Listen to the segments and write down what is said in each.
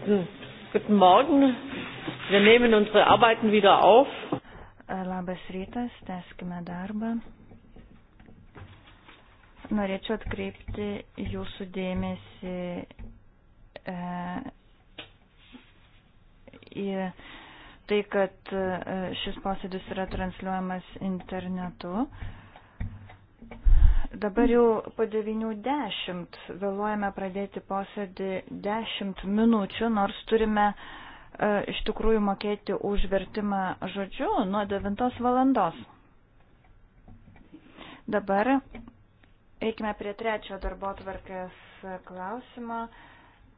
Guten, guten Morgen. Wir nehmen unsere Arbeiten wieder auf. Labas rytas, teskime darbą. Norėčiau atkreipti jūsų dėmesį e, į tai, kad e, šis posėdis yra transliuojamas internetu. E, Dabar jau po 9.10 vėluojame pradėti posėdį 10 minučių, nors turime e, iš tikrųjų mokėti už vertimą žodžiu nuo 9 valandos. Dabar eikime prie trečio darbo tvarkės klausimo.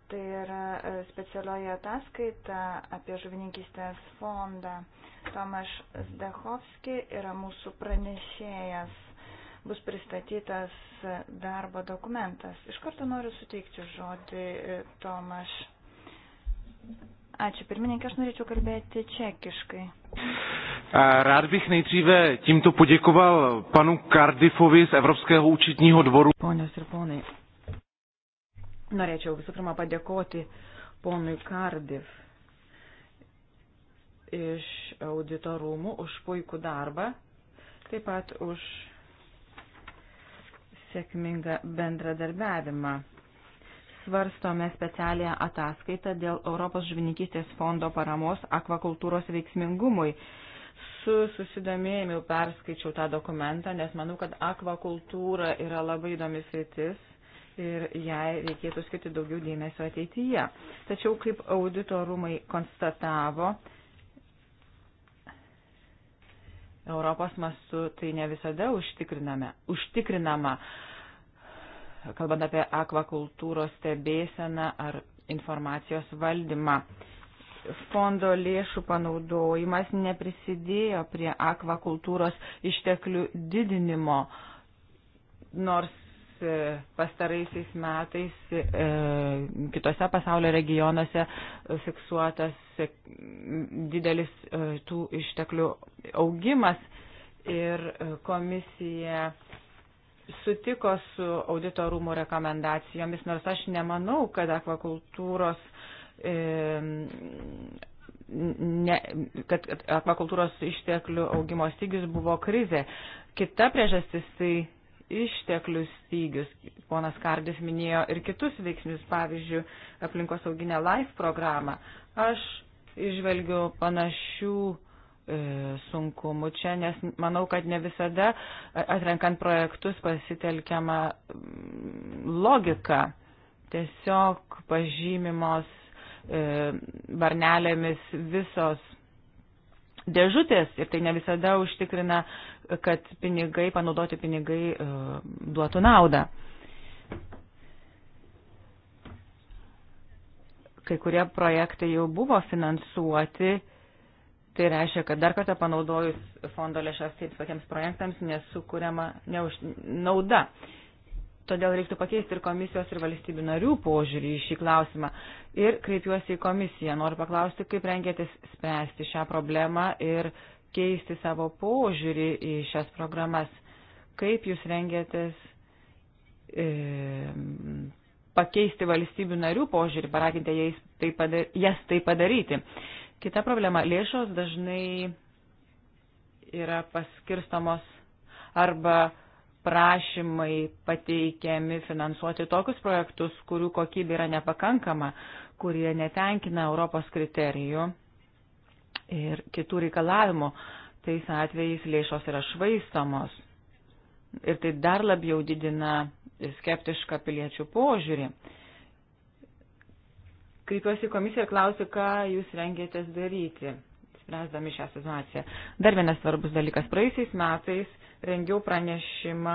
Tai yra e, specialioji ataskaita apie žuvininkystės fondą. Tomaš Zdechovski yra mūsų pranešėjas bus pristatytas darbo dokumentas. Iš karto noriu suteikti žodį e, Tomaš. Ačiū pirmininkė, aš norėčiau kalbėti čekiškai. Rád bych nejdříve tímto poděkoval panu Cardiffovi z Evropského účetního dvoru. Ponios ir ponai, norėčiau visų pirma padėkoti ponui Cardiff iš auditorumų už puikų darbą, taip pat už sėkmingą bendradarbiavimą. Svarstome specialią ataskaitą dėl Europos žvininkystės fondo paramos akvakultūros veiksmingumui. Su susidomėjimu perskaičiau tą dokumentą, nes manau, kad akvakultūra yra labai įdomi sritis ir jai reikėtų skirti daugiau dėmesio ateityje. Tačiau, kaip audito rūmai konstatavo, Europos mastu tai ne visada užtikrinama, kalbant apie akvakultūros stebėseną ar informacijos valdymą. Fondo lėšų panaudojimas neprisidėjo prie akvakultūros išteklių didinimo, nors E, pastaraisiais metais e, kitose pasaulio regionuose fiksuotas e, didelis e, tų išteklių augimas ir e, komisija sutiko su audito rūmų rekomendacijomis, nors aš nemanau, kad akvakultūros e, ne, kad akvakultūros išteklių augimo stygius buvo krizė. Kita priežastis tai išteklių stygius. Ponas Kardis minėjo ir kitus veiksnius, pavyzdžiui, aplinkosauginę LIFE programą. Aš išvelgiu panašių e, sunkumų čia, nes manau, kad ne visada e, atrenkant projektus pasitelkiama mm, logika, tiesiog pažymimos e, varnelėmis visos dėžutės ir tai ne visada užtikrina, kad pinigai, panaudoti pinigai e, duotų naudą. Kai kurie projektai jau buvo finansuoti, tai reiškia, kad dar kartą panaudojus fondo lėšas taip tokiems projektams nesukūriama neuž, nauda. Uh, Todėl reiktų pakeisti ir komisijos ir valstybių narių požiūrį į šį klausimą. Ir kreipiuosi į komisiją. Noriu paklausti, kaip rengėtis spręsti šią problemą ir keisti savo požiūrį į šias programas. Kaip jūs rengėtis e, pakeisti valstybių narių požiūrį, paraginti tai padar, jas tai padaryti. Kita problema - lėšos dažnai yra paskirstamos arba prašymai pateikiami finansuoti tokius projektus, kurių kokybė yra nepakankama, kurie netenkina Europos kriterijų ir kitų reikalavimų. Tais atvejais lėšos yra švaistamos ir tai dar labiau didina skeptišką piliečių požiūrį. Kreipiuosi į komisiją ir klausiu, ką jūs rengėtės daryti spręsdami šią situaciją. Dar vienas svarbus dalykas. Praeisiais metais rengiau pranešimą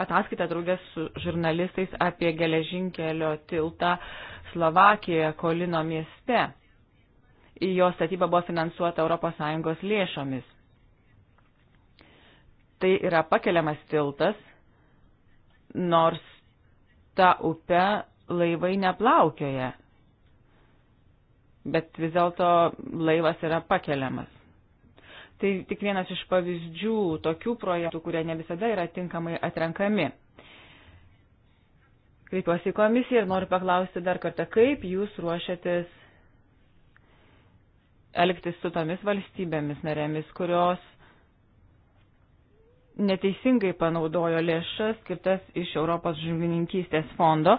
ataskaitą draugės su žurnalistais apie geležinkelio tiltą Slovakijoje Kolino mieste. Jo statyba buvo finansuota ES lėšomis. Tai yra pakeliamas tiltas, nors ta upe laivai neplaukioja bet vis dėlto laivas yra pakeliamas. Tai tik vienas iš pavyzdžių tokių projektų, kurie ne visada yra tinkamai atrenkami. Kreipiuosi į komisiją ir noriu paklausti dar kartą, kaip jūs ruošiatės elgtis su tomis valstybėmis narėmis, kurios neteisingai panaudojo lėšas skirtas iš Europos žuvininkystės fondo,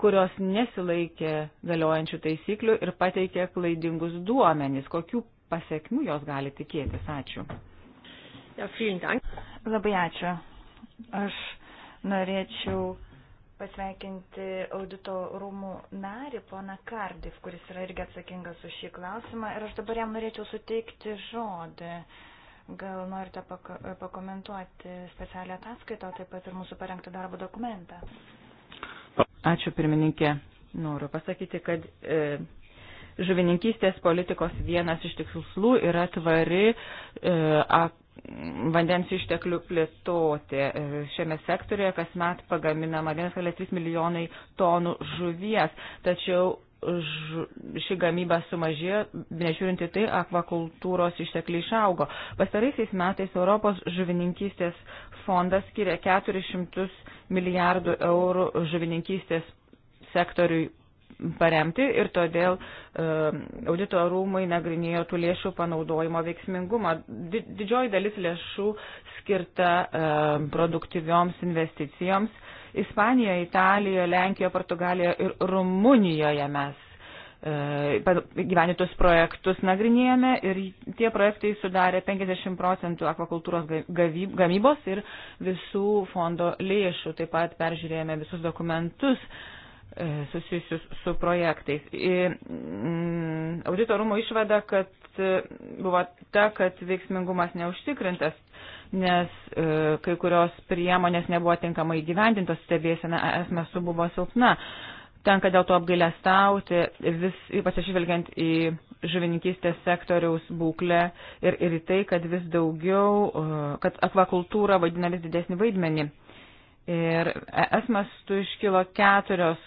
kurios nesilaikė galiojančių taisyklių ir pateikė klaidingus duomenys. Kokių pasiekmių jos gali tikėtis? Ačiū. Ja, Labai ačiū. Aš norėčiau pasveikinti audito rūmų narį, poną Kardif, kuris yra irgi atsakingas už šį klausimą. Ir aš dabar jam norėčiau suteikti žodį. Gal norite pakomentuoti specialią ataskaitą, taip pat ir mūsų parengtą darbo dokumentą. Ačiū pirmininkė. Noriu pasakyti, kad e, žuvininkystės politikos vienas iš tikslų yra tvari e, a, vandens išteklių plėtoti. E, šiame sektorėje kasmet pagaminama 1,3 milijonai tonų žuvies, tačiau ši gamyba sumažėjo, nežiūrint į tai, akvakultūros ištekliai išaugo. Pastaraisiais metais Europos žuvininkystės fondas skiria 400 milijardų eurų žuvininkystės sektoriui paremti ir todėl e, audito rūmai nagrinėjo tų lėšų panaudojimo veiksmingumą. Didžioji dalis lėšų skirta e, produktyvioms investicijoms Ispanijoje, Italijoje, Lenkijoje, Portugalijoje ir Rumunijoje mes e, gyveni tuos projektus nagrinėjame ir tie projektai sudarė 50 procentų akvakultūros gamybos ir visų fondo lėšų. Taip pat peržiūrėjome visus dokumentus e, susijusius su projektais. Mm, Audito rūmo išvada, kad e, buvo ta, kad veiksmingumas neužtikrintas, nes e, kai kurios priemonės nebuvo tinkamai gyvendintos stebėsena, esmės buvo silpna. Tenka dėl to apgailestauti, vis, ypač atsižvelgiant į žuvininkystės sektoriaus būklę ir, ir į tai, kad vis daugiau, e, kad akvakultūra vaidina vis didesnį vaidmenį. Ir e, esmas tu iškilo keturios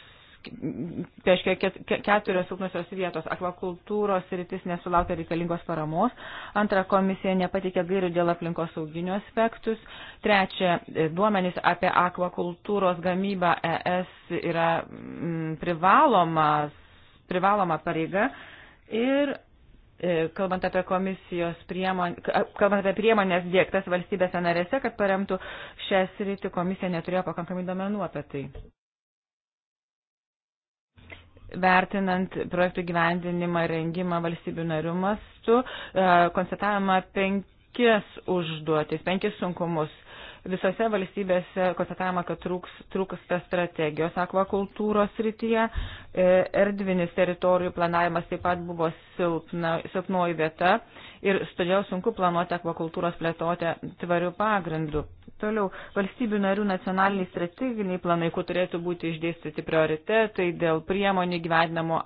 Tai reiškia, keturios silpnosios vietos. Akvakultūros rytis nesulaukia reikalingos paramos. Antra, komisija nepatikė gairių dėl aplinkos sauginių aspektus. Trečia, e, duomenys apie akvakultūros gamybą ES yra m, mm, privalomas, privaloma pareiga. Ir e, kalbant apie komisijos priemonės, kalbant apie priemonės dėktas valstybėse narėse, kad paremtų šią sritį, komisija neturėjo pakankamai domenų apie tai vertinant projektų gyvendinimą, rengimą valstybių narių mastu, e, konstatavimą penkis užduotis, penkis sunkumus. Visose valstybėse konstatavimą, kad trūks, trūksta strategijos akvakultūros rytyje, e, erdvinis teritorijų planavimas taip pat buvo silpna, silpnoji vieta ir todėl sunku planuoti akvakultūros plėtoti tvarių pagrindų. Toliau, valstybių narių nacionaliniai strateginiai planai, kur turėtų būti išdėstyti prioritetai dėl priemonių gyvenimo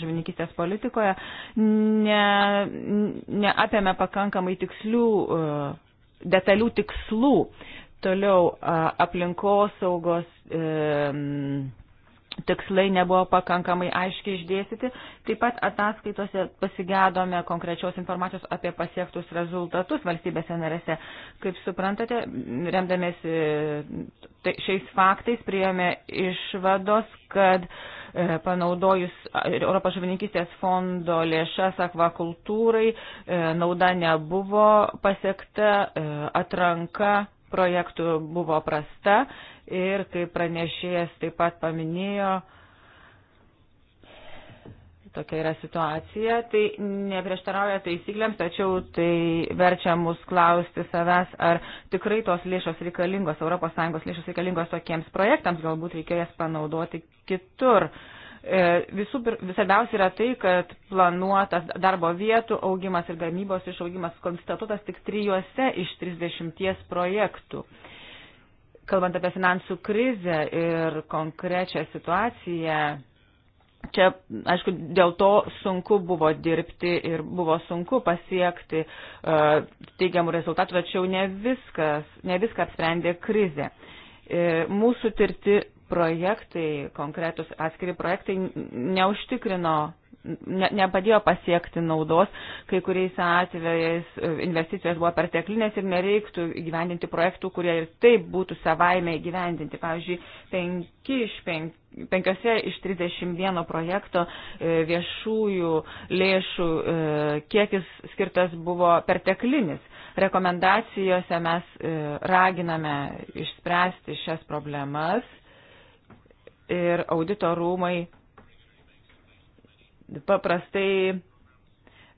žvininkistės politikoje, neapėmė ne, ne pakankamai tikslių, e, detalių tikslų. Toliau, aplinkosaugos. E, tikslai nebuvo pakankamai aiškiai išdėstyti. Taip pat ataskaitose pasigėdome konkrečios informacijos apie pasiektus rezultatus valstybėse narėse. Kaip suprantate, remdamėsi tai šiais faktais priėmė išvados, kad e, panaudojus Europos žuvininkystės fondo lėšas akvakultūrai e, nauda nebuvo pasiekta e, atranka projektų buvo prasta ir, kaip pranešėjas taip pat paminėjo, tokia yra situacija. Tai neprieštarauja taisyklėms, tačiau tai verčia mus klausti savęs, ar tikrai tos lėšos reikalingos, ES lėšos reikalingos tokiems projektams, galbūt reikėjo jas panaudoti kitur. Uh, E, visų svarbiausia yra tai, kad planuotas darbo vietų augimas ir gamybos išaugimas konstatuotas tik trijuose iš 30 projektų. Kalbant apie finansų krizę ir konkrečią situaciją, čia, aišku, dėl to sunku buvo dirbti ir buvo sunku pasiekti uh, teigiamų rezultatų, tačiau ne, viskas, ne viską apsprendė krizė. Uh, mūsų tirti projektai, konkretus atskiri projektai neužtikrino, ne, nepadėjo pasiekti naudos, kai kuriais atvejais e, investicijos buvo perteklinės ir nereiktų gyvendinti projektų, kurie ir taip būtų savaime gyvendinti. Pavyzdžiui, penki iš penk, penkiose iš 31 projekto e, viešųjų lėšų e, kiekis skirtas buvo perteklinis. Rekomendacijose mes raginame išspręsti šias problemas ir audito rūmai paprastai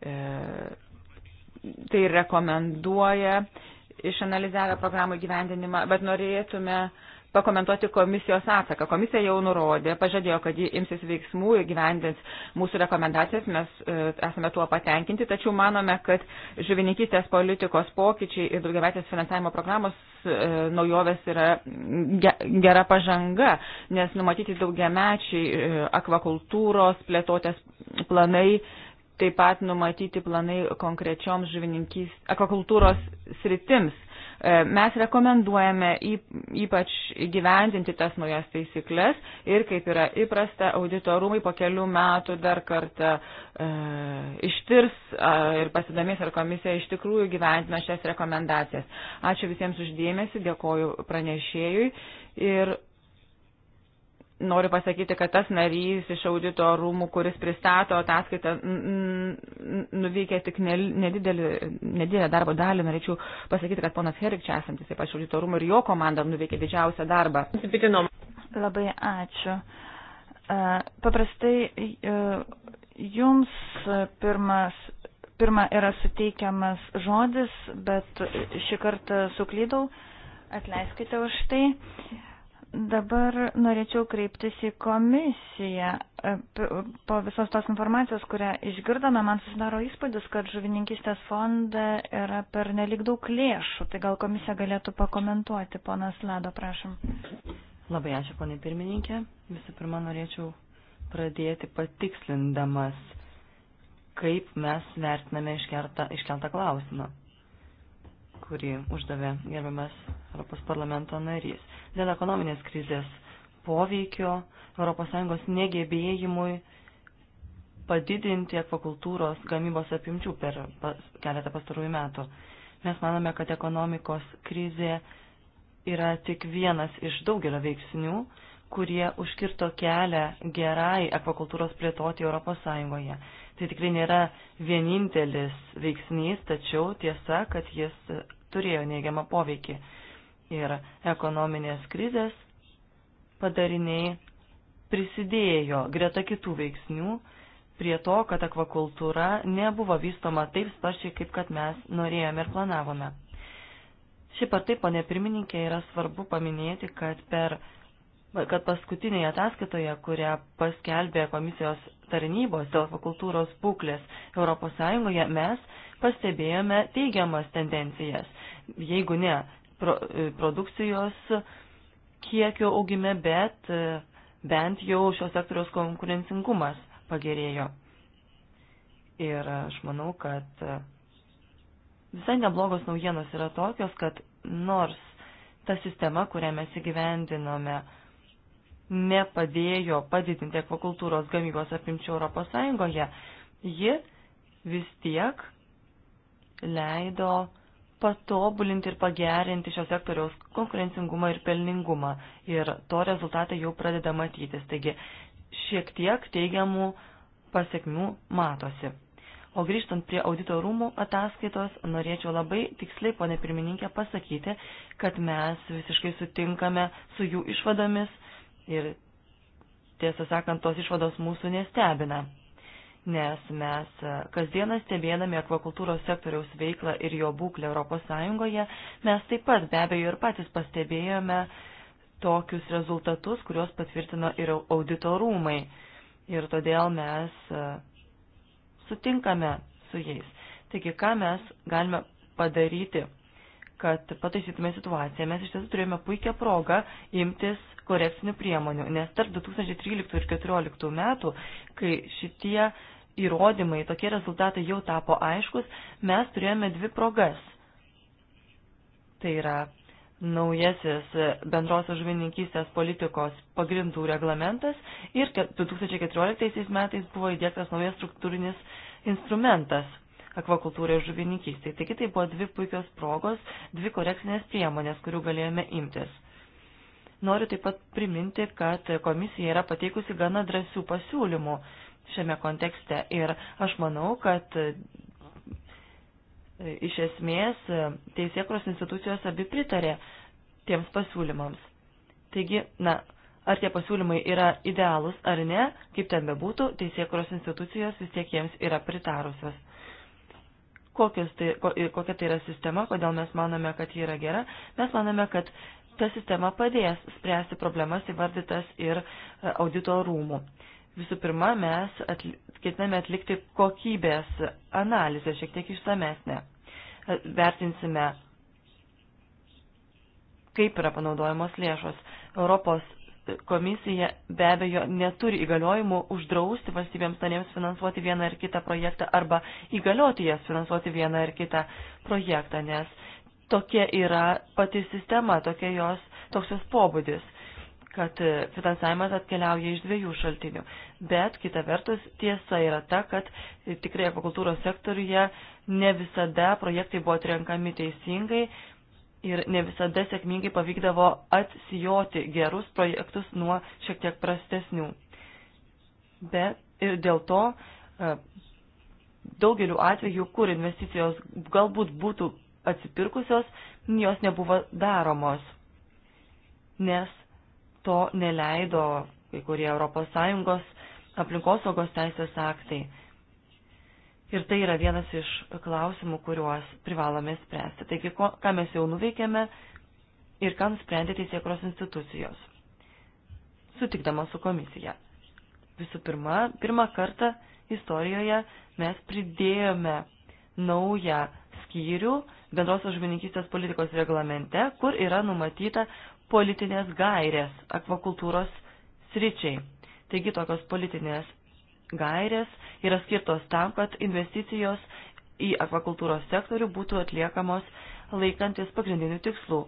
e, tai rekomenduoja išanalizavę programų gyvendinimą, bet norėtume e, pakomentuoti komisijos atsaką. Komisija jau nurodė, pažadėjo, kad ji imsis veiksmų ir gyvendins mūsų rekomendacijas, mes e, esame tuo patenkinti, tačiau manome, kad žuvininkystės politikos pokyčiai ir daugiavetės finansavimo programos e, naujovės yra gera pažanga, nes numatyti daugiamečiai e, akvakultūros plėtotės planai taip pat numatyti planai konkrečioms žuvininkys, akvakultūros sritims. E, mes rekomenduojame ypač įgyvendinti tas naujas taisyklės ir, kaip yra įprasta, auditorumai po kelių metų dar kartą e, ištirs e, ir pasidomės, ar komisija iš tikrųjų gyventino šias rekomendacijas. Ačiū visiems uždėmesi, dėkoju pranešėjui ir noriu pasakyti, kad tas narys iš audito rūmų, kuris pristato ataskaitą, nuveikė tik nedidelį, nedidelę darbo dalį. Norėčiau pasakyti, kad ponas Herik čia esantis, taip pat audito rūmų ir jo komanda nuveikė didžiausią darbą. Labai ačiū. E, paprastai e, jums pirmas. Pirma yra suteikiamas žodis, bet šį kartą suklydau. Atleiskite už tai. Uh, Dabar norėčiau kreiptis į komisiją. E, po visos tos informacijos, kurią išgirdome, man susidaro įspūdis, kad žuvininkistės fonda yra per nelik daug lėšų. Tai gal komisija galėtų pakomentuoti, ponas Lado, prašom. Labai ačiū, ponai pirmininkė. Visų pirma, norėčiau pradėti patikslindamas, kaip mes vertiname iškeltą, iškeltą klausimą kurį uždavė gerbiamas Europos parlamento narys. Dėl ekonominės krizės poveikio ES negebėjimui padidinti akvakultūros gamybos apimčių per pas, keletą pastarųjų metų. Mes manome, kad ekonomikos krizė yra tik vienas iš daugelio veiksnių, kurie užkirto kelią gerai akvakultūros plėtoti ES. Tai tikrai nėra vienintelis veiksnys, tačiau tiesa, kad jis turėjo neigiamą poveikį. Ir ekonominės krizės padariniai prisidėjo greta kitų veiksnių prie to, kad akvakultūra nebuvo vystoma taip sparčiai, kaip kad mes norėjome ir planavome. Šiaip ar taip, ponė pirmininkė, yra svarbu paminėti, kad per kad paskutinėje ataskaitoje, kurią paskelbė komisijos tarnybos dėl fakultūros būklės ES, mes pastebėjome teigiamas tendencijas. Jeigu ne pro, e, produkcijos kiekio augime, bet e, bent jau šios sektoriaus konkurencingumas pagerėjo. Ir aš manau, kad e, visai neblogos naujienos yra tokios, kad nors ta sistema, kurią mes įgyvendinome, nepadėjo padidinti akvakultūros gamybos apimčių Europos Sąjungoje, ji vis tiek leido patobulinti ir pagerinti šio sektoriaus konkurencingumą ir pelningumą. Ir to rezultatai jau pradeda matytis. Taigi šiek tiek teigiamų pasiekmių matosi. O grįžtant prie audito rūmų ataskaitos, norėčiau labai tiksliai, ponė pirmininkė, pasakyti, kad mes visiškai sutinkame su jų išvadomis Ir tiesą sakant, tos išvados mūsų nestebina, nes mes e, kasdieną stebėdami akvakultūros sektoriaus veiklą ir jo būklę Europos Sąjungoje, mes taip pat be abejo ir patys pastebėjome tokius rezultatus, kuriuos patvirtino ir audito rūmai. Ir todėl mes e, sutinkame su jais. Taigi, ką mes galime padaryti kad pataisytume situaciją, mes iš tiesų turėjome puikią progą imtis korekcinių priemonių, nes tarp 2013 ir 2014 metų, kai šitie įrodymai, tokie rezultatai jau tapo aiškus, mes turėjome dvi progas. Tai yra naujasis bendrosios žuvininkystės politikos pagrindų reglamentas ir 2014 metais buvo įdėktas naujas struktūrinis instrumentas akvakultūrai ir žuvininkystėje. Taigi tai buvo dvi puikios progos, dvi korekcinės priemonės, kurių galėjome imtis. Noriu taip pat priminti, kad komisija yra pateikusi gana drąsių pasiūlymų šiame kontekste ir aš manau, kad iš esmės teisėkros institucijos abi pritarė tiems pasiūlymams. Taigi, na, ar tie pasiūlymai yra idealūs ar ne, kaip ten bebūtų, teisėkros institucijos vis tiek jiems yra pritarusios kokios tai, kokia tai yra sistema, kodėl mes manome, kad ji yra gera. Mes manome, kad ta sistema padės spręsti problemas įvardytas ir e, audito rūmų. Visų pirma, mes atli ketiname atlikti kokybės analizę šiek tiek išsamesnę. E, vertinsime, kaip yra panaudojamos lėšos. Europos komisija be abejo neturi įgaliojimų uždrausti valstybėms narėms finansuoti vieną ar kitą projektą arba įgalioti jas finansuoti vieną ar kitą projektą, nes tokia yra pati sistema, tokia jos, toks jos pobūdis kad finansavimas atkeliauja iš dviejų šaltinių. Bet kita vertus tiesa yra ta, kad tikrai akvakultūros sektoriuje ne visada projektai buvo atrenkami teisingai, ir ne visada sėkmingai pavykdavo atsijoti gerus projektus nuo šiek tiek prastesnių. Bet ir dėl to e, daugeliu atveju, kur investicijos galbūt būtų atsipirkusios, jos nebuvo daromos, nes to neleido kai kurie ES aplinkosaugos teisės aktai. Ir tai yra vienas iš klausimų, kuriuos privalome spręsti. Taigi, ko, ką mes jau nuveikėme ir ką nusprendė teisėkros institucijos, sutikdama su komisija. Visų pirma, pirmą kartą istorijoje mes pridėjome naują skyrių bendros žuvininkystės politikos reglamente, kur yra numatyta politinės gairės akvakultūros sričiai. Taigi tokios politinės gairės yra skirtos tam, kad investicijos į akvakultūros sektorių būtų atliekamos laikantis pagrindinių tikslų.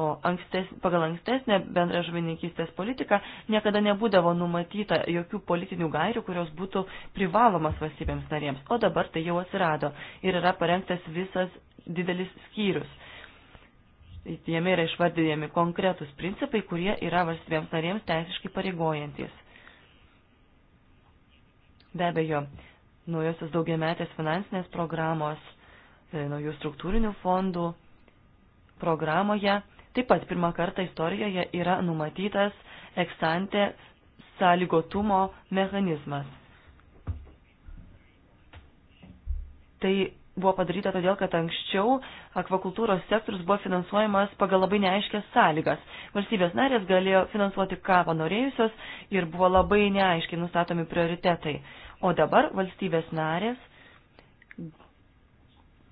O ankstes, pagal ankstesnę bendrą žuvininkystės politiką niekada nebūdavo numatyta jokių politinių gairių, kurios būtų privalomas valstybėms narėms. O dabar tai jau atsirado ir yra parengtas visas didelis skyrius. Jame yra išvardinami konkretus principai, kurie yra valstybėms narėms teisiškai pareigojantis. Be abejo, naujosios daugiametės finansinės programos, e, naujų struktūrinių fondų programoje taip pat pirmą kartą istorijoje yra numatytas eksante sąlygotumo mechanizmas. Tai buvo padaryta todėl, kad anksčiau akvakultūros sektorius buvo finansuojamas pagal labai neaiškias sąlygas. Valstybės narės galėjo finansuoti ką panorėjusios ir buvo labai neaiškiai nustatomi prioritetai. O dabar valstybės narės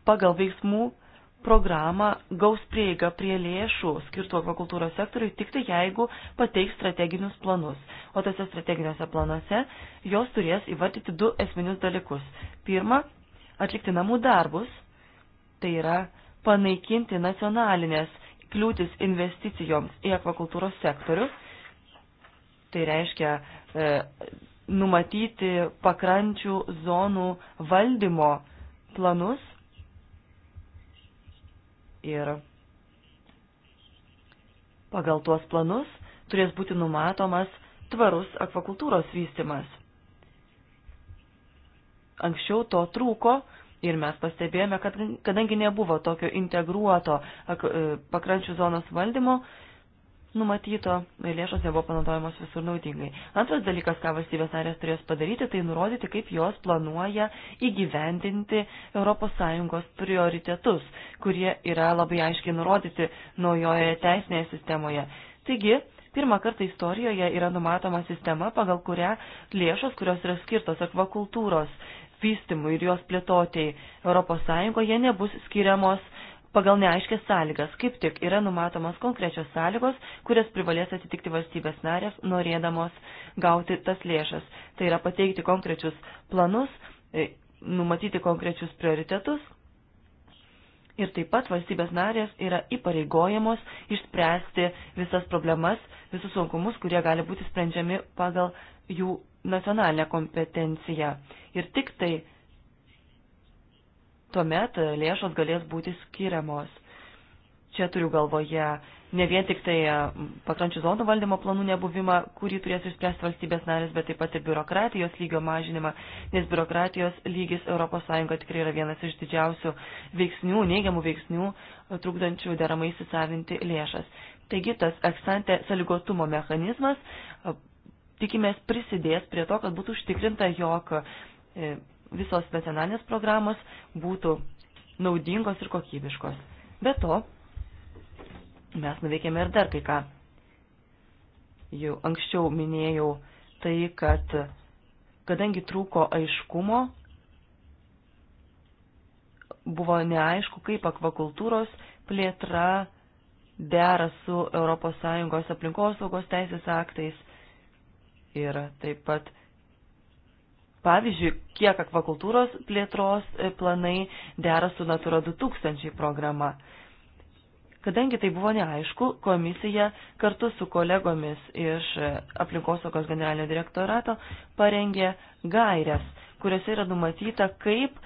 pagal veiksmų programą gaus prieigą prie lėšų skirtų akvakultūros sektoriui tik tai jeigu pateiks strateginius planus. O tose strateginiuose planuose jos turės įvardyti du esminius dalykus. Pirma, atlikti namų darbus, tai yra panaikinti nacionalinės kliūtis investicijoms į akvakultūros sektorių. Tai reiškia e, numatyti pakrančių zonų valdymo planus ir pagal tuos planus turės būti numatomas tvarus akvakultūros vystimas. Anksčiau to trūko ir mes pastebėjome, kad kadangi nebuvo tokio integruoto e, pakrančių zonos valdymo, numatyto, lėšos nebuvo panaudojamos visur naudingai. Antras dalykas, ką valstybės narės turės padaryti, tai nurodyti, kaip jos planuoja įgyvendinti ES prioritetus, kurie yra labai aiškiai nurodyti naujoje teisinėje sistemoje. Taigi, Pirmą kartą istorijoje yra numatoma sistema, pagal kurią lėšos, kurios yra skirtos akvakultūros vystimui ir jos plėtotėjai ES, nebus skiriamos pagal neaiškės sąlygas. Kaip tik yra numatomos konkrečios sąlygos, kurias privalės atitikti valstybės narės, norėdamos gauti tas lėšas. Tai yra pateikti konkrečius planus, e, numatyti konkrečius prioritetus. Ir taip pat valstybės narės yra įpareigojamos išspręsti visas problemas, visus sunkumus, kurie gali būti sprendžiami pagal jų nacionalinę kompetenciją. Ir tik tai tuomet e, lėšos galės būti skiriamos. Čia turiu galvoje ne vien tik tai e, pakrančių zonų valdymo planų nebuvimą, kurį turės išspręsti valstybės narės, bet taip pat ir biurokratijos lygio mažinimą, nes biurokratijos lygis ES tikrai yra vienas iš didžiausių veiksnių, neigiamų veiksnių, e, trukdančių deramai įsisavinti lėšas. Taigi tas eksante saligotumo mechanizmas, tikimės, prisidės prie to, kad būtų užtikrinta, jog visos nacionalinės programos būtų naudingos ir kokybiškos. Be to, mes nuveikėme ir dar kai ką. Jau anksčiau minėjau tai, kad kadangi trūko aiškumo, buvo neaišku, kaip akvakultūros plėtra dera su ES aplinkosaugos teisės aktais ir taip pat Pavyzdžiui, kiek akvakultūros plėtros e, planai dera su Natura 2000 programa. Kadangi tai buvo neaišku, komisija kartu su kolegomis iš e, aplinkosaugos generalinio direktorato parengė gairias, kuriuose yra numatyta, kaip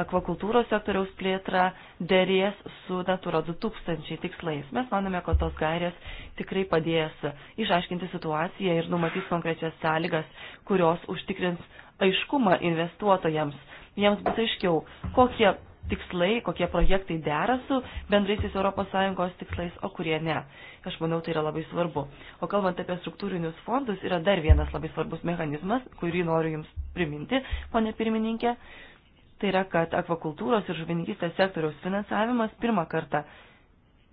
akvakultūros sektoriaus plėtra dėrės su Natura 2000 tikslais. Mes manome, kad tos gairės tikrai padės išaiškinti situaciją ir numatys konkrečias sąlygas, kurios užtikrins aiškumą investuotojams. Jiems bus aiškiau, kokie tikslai, kokie projektai dera su bendraisiais ES tikslais, o kurie ne. Aš manau, tai yra labai svarbu. O kalbant apie struktūrinius fondus, yra dar vienas labai svarbus mechanizmas, kurį noriu Jums priminti, ponė pirmininkė. Tai yra, kad akvakultūros ir žuvininkystės sektoriaus finansavimas pirmą kartą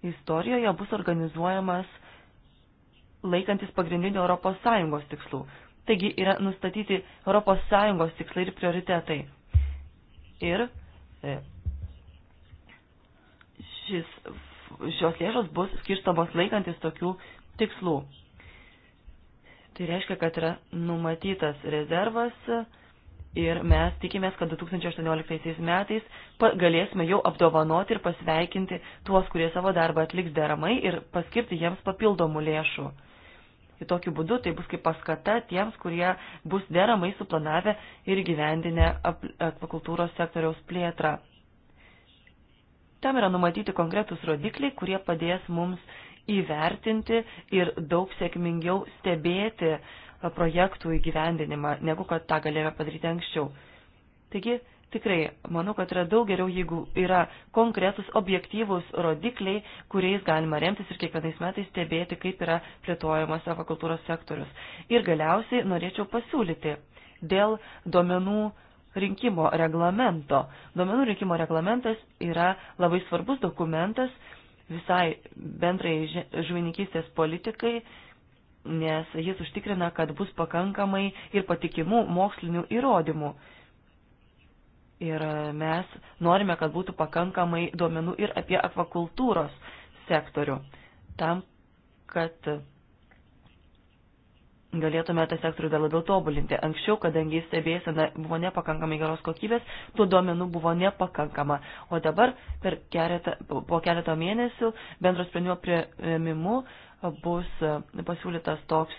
istorijoje bus organizuojamas laikantis pagrindinių ES tikslų. Taigi yra nustatyti ES tikslai ir prioritetai. Ir e, šis, šios lėšos bus skirstamos laikantis tokių tikslų. Tai reiškia, kad yra numatytas rezervas ir mes tikimės, kad 2018 metais galėsime jau apdovanoti ir pasveikinti tuos, kurie savo darbą atliks deramai ir paskirti jiems papildomų lėšų. Ir tokiu būdu tai bus kaip paskata tiems, kurie bus deramai suplanavę ir gyvendinę akvakultūros sektoriaus plėtrą. Tam yra numatyti konkretus rodikliai, kurie padės mums įvertinti ir daug sėkmingiau stebėti projektų įgyvendinimą, negu kad tą galėjome padaryti anksčiau. Taigi, tikrai, manau, kad yra daug geriau, jeigu yra konkretus, objektyvus rodikliai, kuriais galima remtis ir kiekvienais metais stebėti, kaip yra plėtojamas akvakultūros sektorius. Ir galiausiai norėčiau pasiūlyti dėl duomenų rinkimo reglamento. Duomenų rinkimo reglamentas yra labai svarbus dokumentas visai bendrai žuvininkystės politikai nes jis užtikrina, kad bus pakankamai ir patikimų mokslinių įrodymų. Ir mes norime, kad būtų pakankamai duomenų ir apie akvakultūros sektorių, tam, kad galėtume tą sektorių dar labiau tobulinti. Anksčiau, kadangi stebėsena buvo nepakankamai geros kokybės, tų duomenų buvo nepakankama. O dabar per keletą, po keletą mėnesių bendros sprendimo prieimimu bus pasiūlytas toks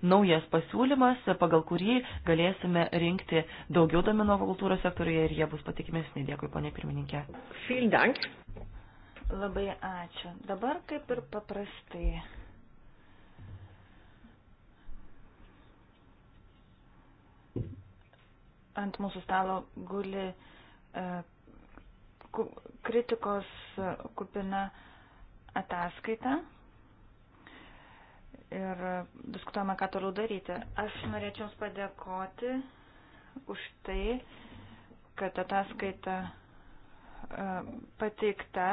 naujas pasiūlymas, pagal kurį galėsime rinkti daugiau domino kultūros sektoriuje ir jie bus patikimesni. Dėkui, ponė pirmininkė. Dank. Labai ačiū. Dabar kaip ir paprastai. Ant mūsų stalo guli e, kritikos e, kupina ataskaita, ir diskutuojame, ką toliau daryti. Aš norėčiau Jums padėkoti už tai, kad ataskaita e, pateikta.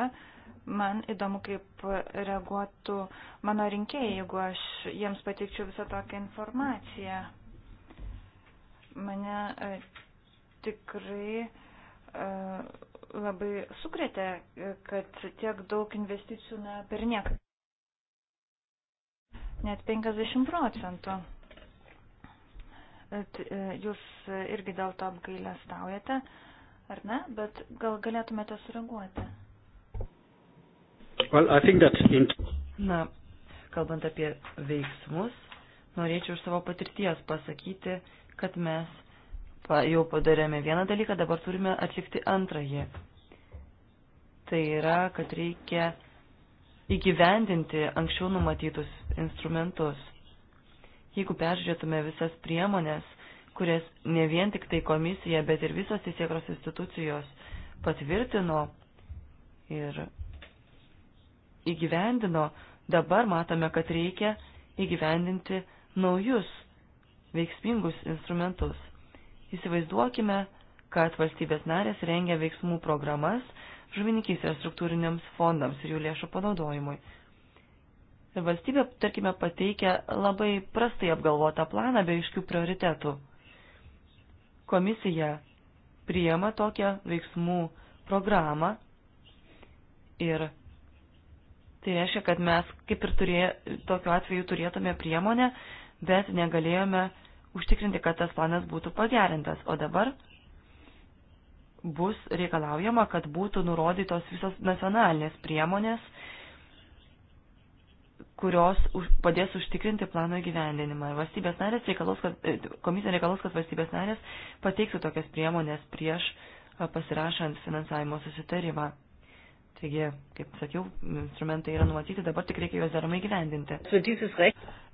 Man įdomu, kaip reaguotų mano rinkėjai, jeigu aš jiems pateikčiau visą tokią informaciją. Mane e, tikrai e, labai sukrėtė, kad tiek daug investicijų na, per nieką net 50 procentų. E, jūs irgi dėl to apgailę staujate, ar ne? Bet gal galėtumėte sureaguoti? Well, Na, kalbant apie veiksmus, norėčiau iš savo patirties pasakyti, kad mes jau padarėme vieną dalyką, dabar turime atlikti antrąjį. Tai yra, kad reikia įgyvendinti anksčiau numatytus instrumentus. Jeigu peržiūrėtume visas priemonės, kurias ne vien tik tai komisija, bet ir visos teisėkros institucijos patvirtino ir įgyvendino, dabar matome, kad reikia įgyvendinti naujus veiksmingus instrumentus. Įsivaizduokime, kad valstybės narės rengia veiksmų programas žuvininkystės struktūriniams fondams ir jų lėšų panaudojimui. Ir valstybė, tarkime, pateikia labai prastai apgalvotą planą be iškių prioritetų. Komisija priema tokią veiksmų programą ir tai reiškia, kad mes kaip ir turė, tokiu atveju turėtume priemonę, bet negalėjome užtikrinti, kad tas planas būtų pagerintas. O dabar bus reikalaujama, kad būtų nurodytos visos nacionalinės priemonės, kurios už, padės užtikrinti plano įgyvendinimą. Valstybės narės reikalaus, kad, e, komisija reikalaus, kad valstybės narės pateiktų tokias priemonės prieš e, pasirašant finansavimo susitarimą. Taigi, kaip sakiau, instrumentai yra numatyti, dabar tik reikia juos deramai gyvendinti.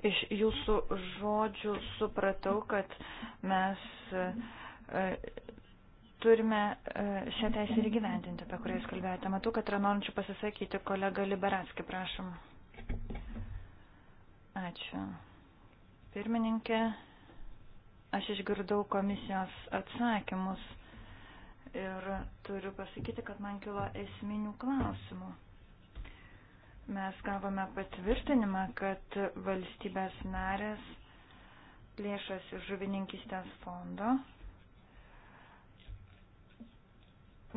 Iš jūsų žodžių supratau, kad mes e, turime e, šią teisę ir gyvendinti, apie kurią jūs kalbėjote. Matau, kad yra norinčių pasisakyti kolega Liberatski, prašom. Ačiū. Pirmininkė, aš išgirdau komisijos atsakymus ir turiu pasakyti, kad man kilo esminių klausimų. Mes gavome patvirtinimą, kad valstybės narės lėšas iš žuvininkistės fondo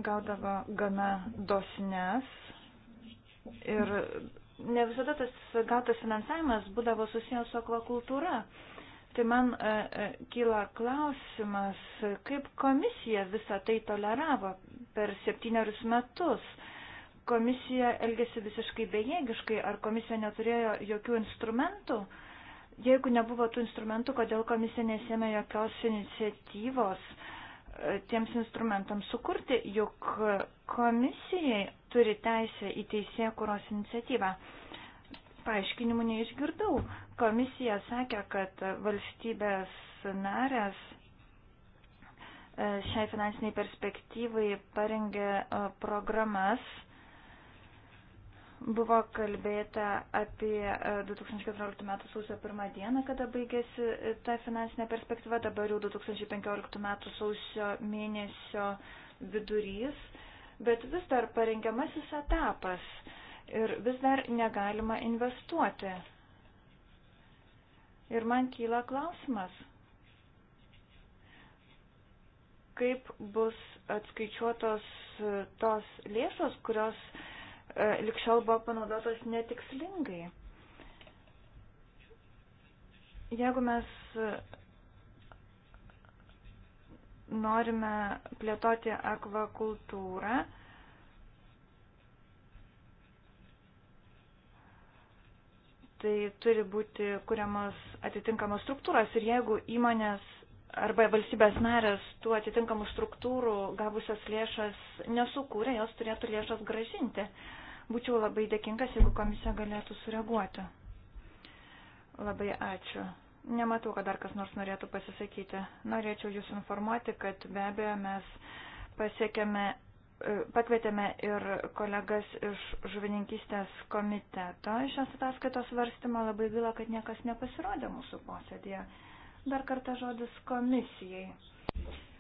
gaudavo gana dosnes ir ne visada tas gautas finansavimas būdavo susijęs su akvakultūra. Tai man e, e, kyla klausimas, kaip komisija visą tai toleravo per septynerius metus. Komisija elgėsi visiškai bejėgiškai, ar komisija neturėjo jokių instrumentų? Jeigu nebuvo tų instrumentų, kodėl komisija nesėmė jokios iniciatyvos? E, tiems instrumentams sukurti, juk komisijai turi teisę į teisėją kuros iniciatyvą. Paaiškinimų neišgirdau. Komisija sakė, kad valstybės narės e, šiai finansiniai perspektyvai parengė e, programas Buvo kalbėta apie 2014 e, m. sausio 1 dieną, kada baigėsi e, ta finansinė perspektyva, dabar jau 2015 m. sausio mėnesio vidurys, bet vis dar parengiamasis etapas ir vis dar negalima investuoti. Ir man kyla klausimas, kaip bus atskaičiuotos tos lėšos, kurios E, likščiau buvo panaudotos netikslingai. Jeigu mes e, norime plėtoti akvakultūrą, tai turi būti kuriamos atitinkamos struktūros ir jeigu įmonės arba valstybės narės tų atitinkamų struktūrų gavusios lėšas nesukūrė, jos turėtų lėšas gražinti. Būčiau labai dėkingas, jeigu komisija galėtų sureaguoti. Labai ačiū. Nematau, kad dar kas nors norėtų pasisakyti. Norėčiau Jūs informuoti, kad be abejo mes pasiekėme, e, pakvietėme ir kolegas iš žuvininkystės komiteto šios ataskaitos varstymą. Labai gaila, kad niekas nepasirodė mūsų posėdėje. Dar kartą žodis komisijai.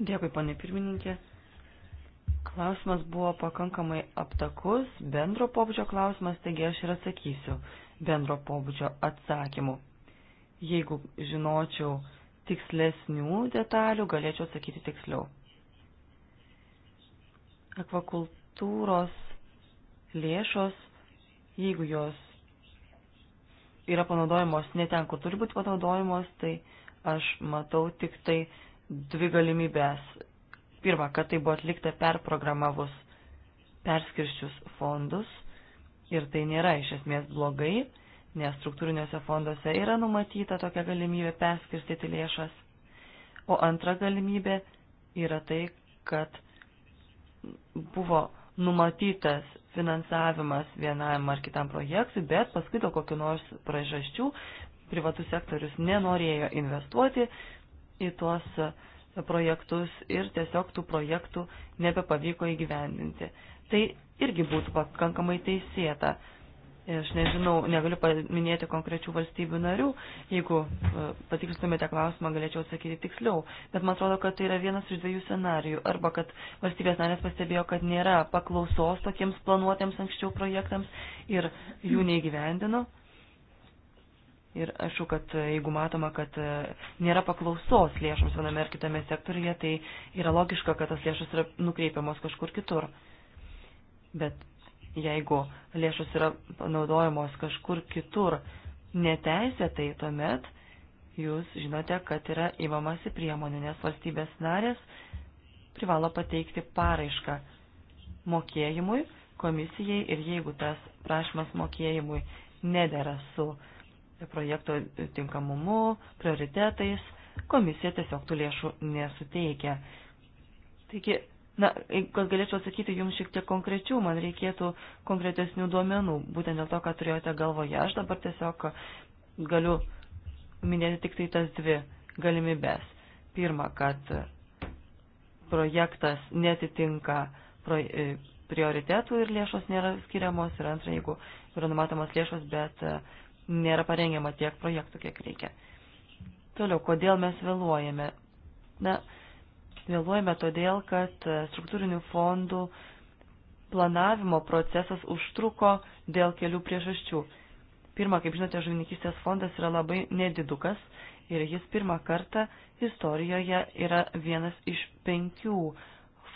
Dėkui, panai pirmininkė. Klausimas buvo pakankamai aptakus, bendro pobūdžio klausimas, taigi aš ir atsakysiu bendro pobūdžio atsakymu. Jeigu žinočiau tikslesnių detalių, galėčiau atsakyti tiksliau. Akvakultūros lėšos, jeigu jos yra panaudojamos ne ten, kur turi būti panaudojamos, tai aš matau tik tai dvi galimybės. Pirma, kad tai buvo atlikta perprogramavus, perskirščius fondus ir tai nėra iš esmės blogai, nes struktūriniuose fonduose yra numatyta tokia galimybė perskirstyti lėšas. O antra galimybė yra tai, kad buvo numatytas finansavimas vienam ar kitam projektui, bet paskui dėl kokiu nors priežasčių privatus sektorius nenorėjo investuoti į tuos e, projektus ir tiesiog tų projektų nebepavyko įgyvendinti. Tai irgi būtų pakankamai teisėta. Aš nežinau, negaliu paminėti konkrečių valstybių narių, jeigu e, patikslintumėte klausimą, galėčiau atsakyti tiksliau, bet man atrodo, kad tai yra vienas iš dviejų scenarijų, arba kad valstybės narės pastebėjo, kad nėra paklausos tokiems planuotiems anksčiau projektams ir jų neįgyvendino, Ir aišku, kad e, jeigu matoma, kad e, nėra paklausos lėšoms viename ar kitame sektoriuje, tai yra logiška, kad tas lėšos yra nukreipiamos kažkur kitur. Bet jeigu lėšos yra panaudojamos kažkur kitur neteisėtai, tuomet jūs žinote, kad yra įmamasi priemonių, nes valstybės narės privalo pateikti paraišką mokėjimui komisijai ir jeigu tas prašymas mokėjimui nedėra su uh, projekto tinkamumu, prioritetais, komisija tiesiog tų lėšų nesuteikia. Taigi, na, kad galėčiau atsakyti jums šiek tiek konkrečių, man reikėtų konkretesnių duomenų, būtent dėl to, ką turėjote galvoje. Aš dabar tiesiog galiu minėti tik tai tas dvi galimybės. Pirma, kad projektas netitinka e, prioritetų ir lėšos nėra skiriamos. Ir antra, jeigu yra numatomas lėšos, bet nėra parengiama tiek projektų, kiek reikia. Toliau, kodėl mes vėluojame? Na, vėluojame todėl, kad e, struktūrinių fondų planavimo procesas užtruko dėl kelių priežasčių. Pirma, kaip žinote, žuvininkystės fondas yra labai nedidukas ir jis pirmą kartą istorijoje yra vienas iš penkių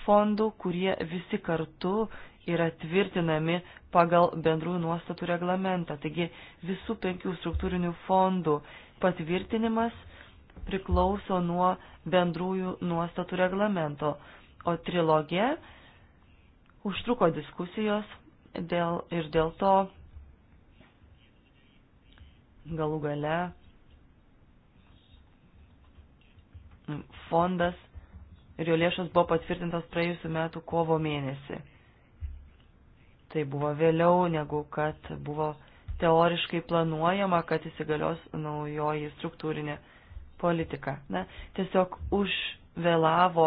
fondų, kurie visi kartu yra tvirtinami pagal bendrųjų nuostatų reglamentą. Taigi visų penkių struktūrinių fondų patvirtinimas priklauso nuo bendrųjų nuostatų reglamento, o trilogė užtruko diskusijos dėl, ir dėl to galų gale fondas ir jo lėšos buvo patvirtintos praėjusiu metu kovo mėnesį. Tai buvo vėliau negu kad buvo teoriškai planuojama, kad įsigalios naujoji struktūrinė politika. Na, tiesiog užvėlavo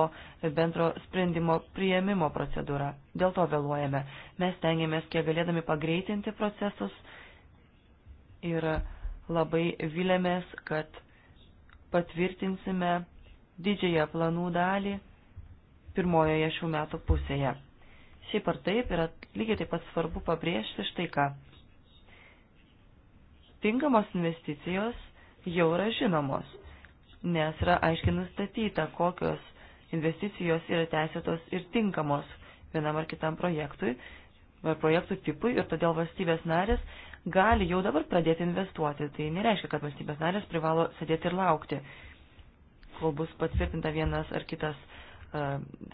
bendro sprendimo prieimimo procedūra. Dėl to vėluojame. Mes tengiamės, kiek galėdami pagreitinti procesus ir labai vilėmės, kad patvirtinsime didžiąją planų dalį pirmojoje šių metų pusėje. Šiaip ar taip yra lygiai taip pat svarbu pabrėžti štai ką. Tinkamos investicijos jau yra žinomos, nes yra aiškiai nustatyta, kokios investicijos yra teisėtos ir tinkamos vienam ar kitam projektui ar projektų tipui ir todėl valstybės narės gali jau dabar pradėti investuoti. Tai nereiškia, kad valstybės narės privalo sėdėti ir laukti, kol bus patvirtinta vienas ar kitas E,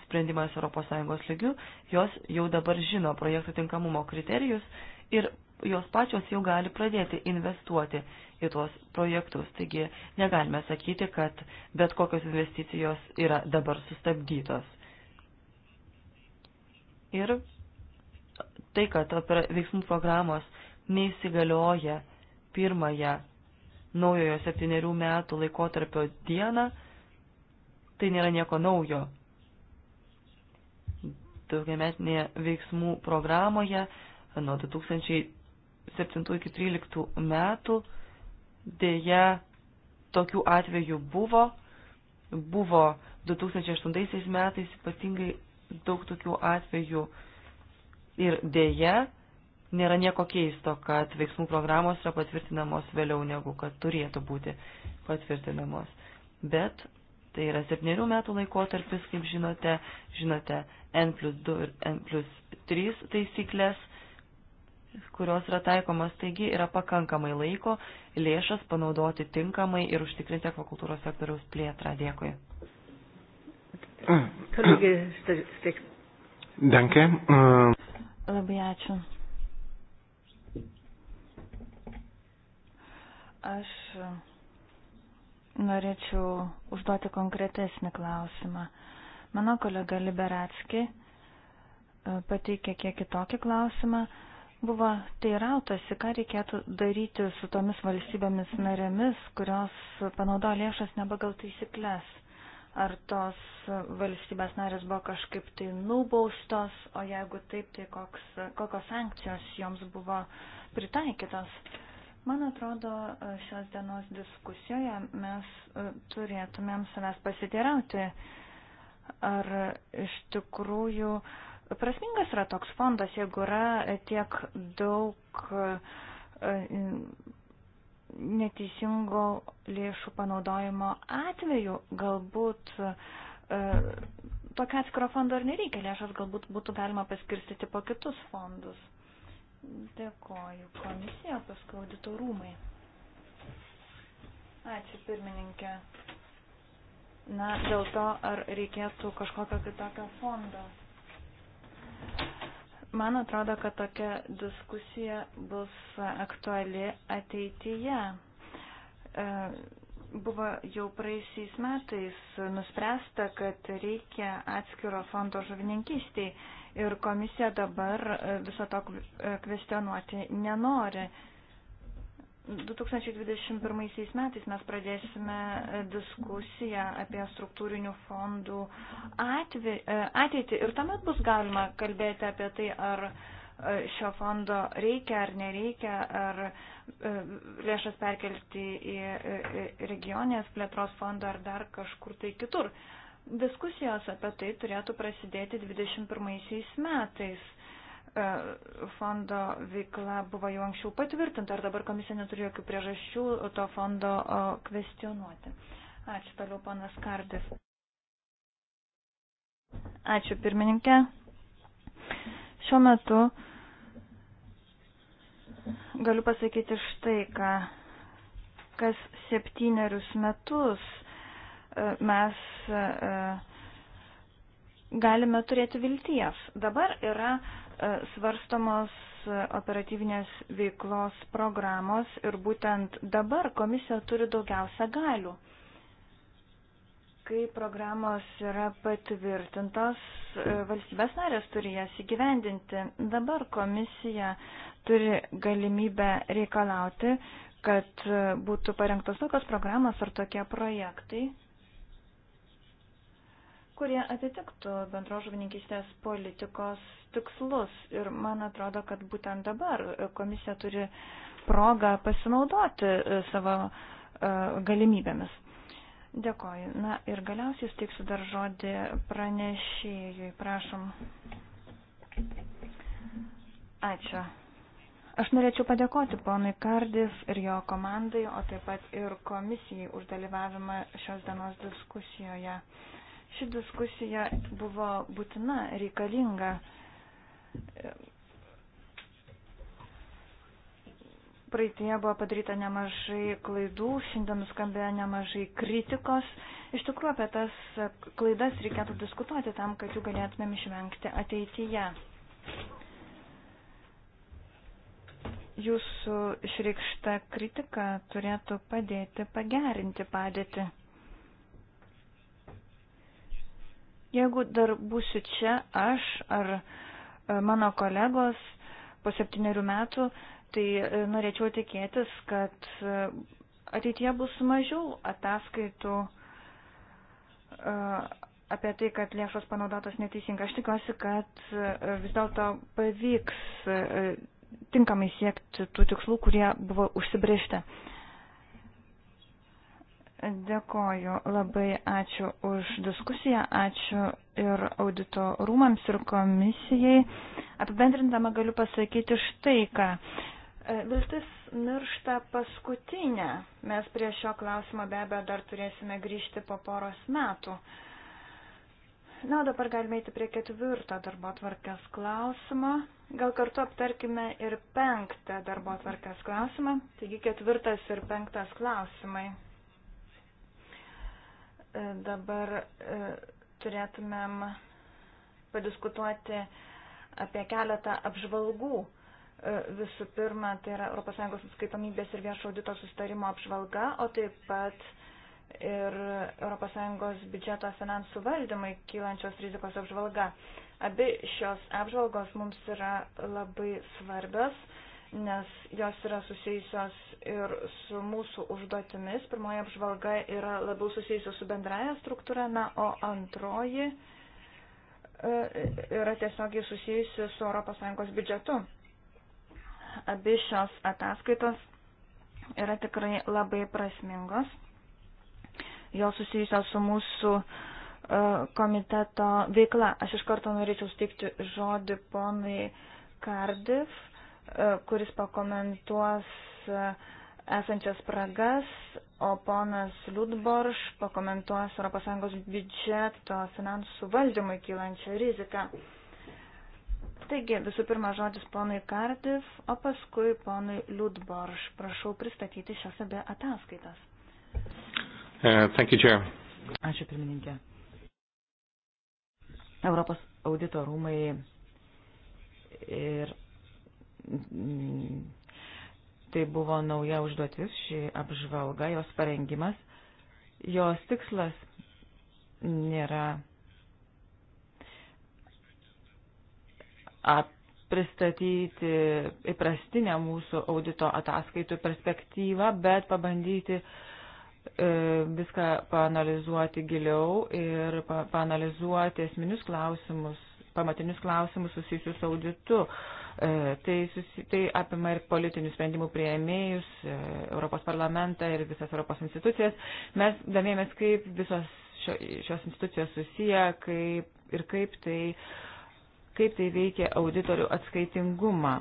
sprendimas ES lygių, jos jau dabar žino projektų tinkamumo kriterijus ir jos pačios jau gali pradėti investuoti į tuos projektus. Taigi negalime sakyti, kad bet kokios investicijos yra dabar sustabdytos. Ir tai, kad veiksmų programos neįsigalioja pirmąją naujojo septyniarių metų laikotarpio dieną, tai nėra nieko naujo daugiametinėje veiksmų programoje nuo 2007 iki 2013 metų. Deja, tokių atvejų buvo. Buvo 2008 metais ypatingai daug tokių atvejų. Ir dėja, nėra nieko keisto, kad veiksmų programos yra patvirtinamos vėliau negu kad turėtų būti patvirtinamos. Bet Tai yra septynerių metų laikotarpis, kaip žinote, žinote N plus 2 ir N plus 3 taisyklės, kurios yra taikomas, taigi yra pakankamai laiko lėšas panaudoti tinkamai ir užtikrinti akvakultūros sektoriaus plėtrą. Dėkui. Danke. Äh, Labai ačiū. Aš norėčiau užduoti konkretesnį klausimą. Mano kolega Liberatski e, pateikė kiek kitokį klausimą. Buvo teirautasi, ką reikėtų daryti su tomis valstybėmis narėmis, kurios panaudo lėšas ne pagal taisyklės. Ar tos valstybės narės buvo kažkaip tai nubaustos, o jeigu taip, tai koks, kokios sankcijos joms buvo pritaikytos. Man atrodo, e, šios dienos diskusijoje mes e, turėtumėm savęs pasiteirauti, ar iš tikrųjų prasmingas yra toks fondas, jeigu yra tiek daug e, neteisingo lėšų panaudojimo atveju, galbūt tokio atskiro fondo ir nereikia, lėšas galbūt būtų galima paskirstyti po kitus fondus. Dėkoju komisija, paskui audito rūmai. Ačiū pirmininkė. Na, dėl to, ar reikėtų kažkokio kitokio fondo. Man atrodo, kad tokia diskusija bus aktuali ateityje. E, buvo jau praeisiais metais nuspręsta, kad reikia atskiro fondo žuvininkystiai ir komisija dabar e, viso to e, kvestionuoti nenori. 2021 metais mes pradėsime e, diskusiją apie struktūrinių fondų ateitį ir tuomet bus galima kalbėti apie tai, ar šio fondo reikia ar nereikia, ar lėšas perkelti į regionės plėtros fondą ar dar kažkur tai kitur. Diskusijos apie tai turėtų prasidėti 21 metais. E, fondo veikla buvo jau anksčiau patvirtinta, ar dabar komisija neturi jokių priežasčių to fondo kvestionuoti. Ačiū toliau, panas Kardis. Ačiū pirmininkė. Šiuo metu galiu pasakyti štai ką. Kas septynerius metus E, mes e, e, galime turėti vilties. Dabar yra svarstamos operatyvinės veiklos programos ir būtent dabar komisija turi daugiausia galių. Kai programos yra patvirtintos, valstybės narės turi jas įgyvendinti. Dabar komisija turi galimybę reikalauti, kad būtų parengtos tokios programos ar tokie projektai, kurie atitiktų bendros žuvininkystės politikos tikslus. Ir man atrodo, kad būtent dabar komisija turi progą pasinaudoti e, savo e, galimybėmis. Dėkoju. Na ir galiausiai steiksiu dar žodį pranešėjui. Prašom. Ačiū. Aš norėčiau padėkoti ponui Kardis ir jo komandai, o taip pat ir komisijai už dalyvavimą šios dienos diskusijoje. Ši diskusija buvo būtina, reikalinga. Praeitie buvo padaryta nemažai klaidų, šiandien nuskambėjo nemažai kritikos. Iš tikrųjų, apie tas klaidas reikėtų diskutuoti tam, kad jų galėtumėm išvengti ateityje. Jūsų išreikšta kritika turėtų padėti pagerinti padėtį. Jeigu dar būsiu čia, aš ar e, mano kolegos po septyniarių metų, tai e, norėčiau tikėtis, kad e, ateitie bus mažiau ataskaitų apie tai, kad lėšos panaudotos neteisingai. Aš tikiuosi, kad vis dėlto pavyks tinkamai siekti tų tikslų, kurie buvo užsibriežti. Dėkoju, labai ačiū už diskusiją, ačiū ir audito rūmams ir komisijai. Apibendrindama galiu pasakyti štai ką. E, viltis miršta paskutinę. Mes prie šio klausimo be abejo dar turėsime grįžti po poros metų. Na, o dabar galime eiti prie ketvirto darbo tvarkės klausimo. Gal kartu aptarkime ir penktą darbo tvarkės klausimą. Taigi ketvirtas ir penktas klausimai. E, dabar e, turėtumėm padiskutuoti apie keletą apžvalgų. E, visų pirma, tai yra ES atskaitomybės ir viešo audito sustarimo apžvalga, o taip pat ir ES biudžeto finansų valdymai kylančios rizikos apžvalga. Abi šios apžvalgos mums yra labai svarbios nes jos yra susijusios ir su mūsų užduotimis. Pirmoji apžvalga yra labiau susijusi su bendraja struktūra, na, o antroji e, yra tiesiogiai susijusi su ES biudžetu. Abi šios ataskaitos yra tikrai labai prasmingos. Jos susijusios su mūsų e, komiteto veikla. Aš iš karto norėčiau steikti žodį ponui Kardif E, kuris pakomentuos e, esančias spragas, o ponas Liudborš pakomentuos ES biudžeto finansų valdymui kylančią riziką. Taigi, visų pirma žodis ponui Kardif, o paskui ponui Liudborš. Prašau pristatyti šias abi ataskaitas. Uh, thank you, Chair. Ačiū, pirmininkė. Europos audito rūmai ir Tai buvo nauja užduotis, ši apžvalga, jos parengimas. Jos tikslas nėra pristatyti įprastinę mūsų audito ataskaitų perspektyvą, bet pabandyti e, viską panalizuoti giliau ir panalizuoti esminius klausimus, pamatinius klausimus susijusius auditu. Uh, E, tai, susi, tai apima ir politinių sprendimų prieėmėjus, e, Europos parlamentą ir visas Europos institucijas. Mes domėjomės, kaip visos šio, šios institucijos susiję kaip, ir kaip tai, kaip tai veikia auditorių atskaitingumą.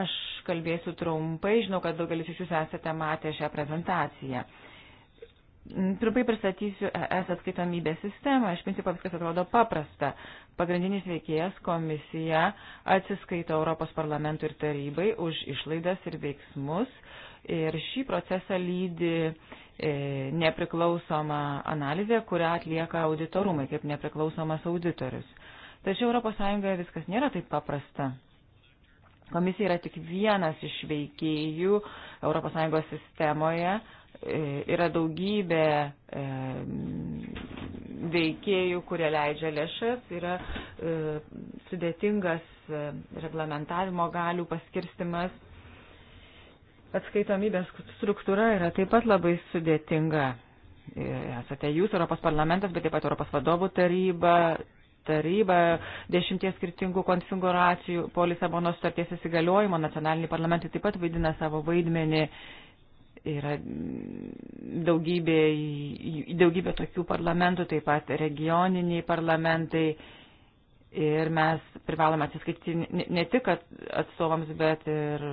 Aš kalbėsiu trumpai, žinau, kad daugelis iš jūs esate matę šią prezentaciją. Trumpai pristatysiu ES atskaitomybės sistemą. Iš principo viskas atrodo paprasta. Pagrindinis veikėjas komisija atsiskaito Europos parlamentui ir tarybai už išlaidas ir veiksmus. Ir šį procesą lydi e, nepriklausoma analizė, kurią atlieka auditorumai kaip nepriklausomas auditorius. Tačiau ES viskas nėra taip paprasta. Komisija yra tik vienas iš veikėjų ES sistemoje E, yra daugybė e, veikėjų, kurie leidžia lėšas, yra e, sudėtingas reglamentavimo galių paskirstimas, atskaitomybės struktūra yra taip pat labai sudėtinga. Esate jūs Europos parlamentas, bet taip pat Europos vadovų taryba, taryba dešimties skirtingų konfiguracijų po Lisabonos starties įsigaliojimo, nacionaliniai parlamentai taip pat vaidina savo vaidmenį yra daugybė, daugybė tokių parlamentų, taip pat regioniniai parlamentai. Ir mes privalome atsiskaityti ne, ne tik atstovams, bet ir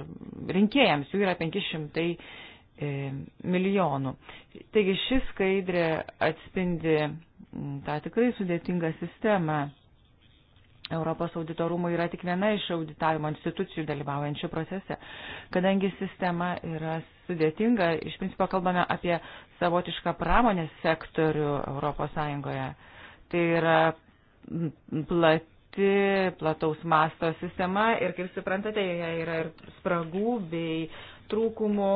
rinkėjams. Jų yra 500 e, milijonų. Taigi ši skaidrė atspindi tą tikrai sudėtingą sistemą. Europos audito rūmų yra tik viena iš auditavimo institucijų dalyvaujančių procese. Kadangi sistema yra sudėtinga, iš principo kalbame apie savotišką pramonės sektorių Europos Sąjungoje. Tai yra plati, plataus masto sistema ir, kaip suprantate, joje yra ir spragų bei trūkumų.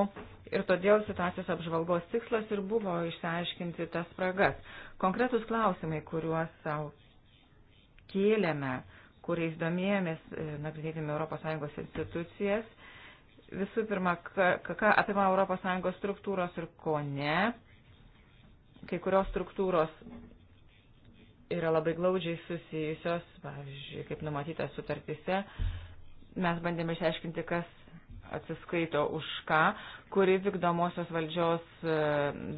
Ir todėl situacijos apžvalgos tikslas ir buvo išsiaiškinti tas spragas. Konkretus klausimai, kuriuos savo kėlėme, kuriais domėjomės, e, nagrinėdami ES institucijas. Visų pirma, ką apima ES struktūros ir ko ne. Kai kurios struktūros yra labai glaudžiai susijusios, pavyzdžiui, kaip numatyta sutartise. Mes bandėme išaiškinti, kas atsiskaito už ką, kuri vykdomosios valdžios e,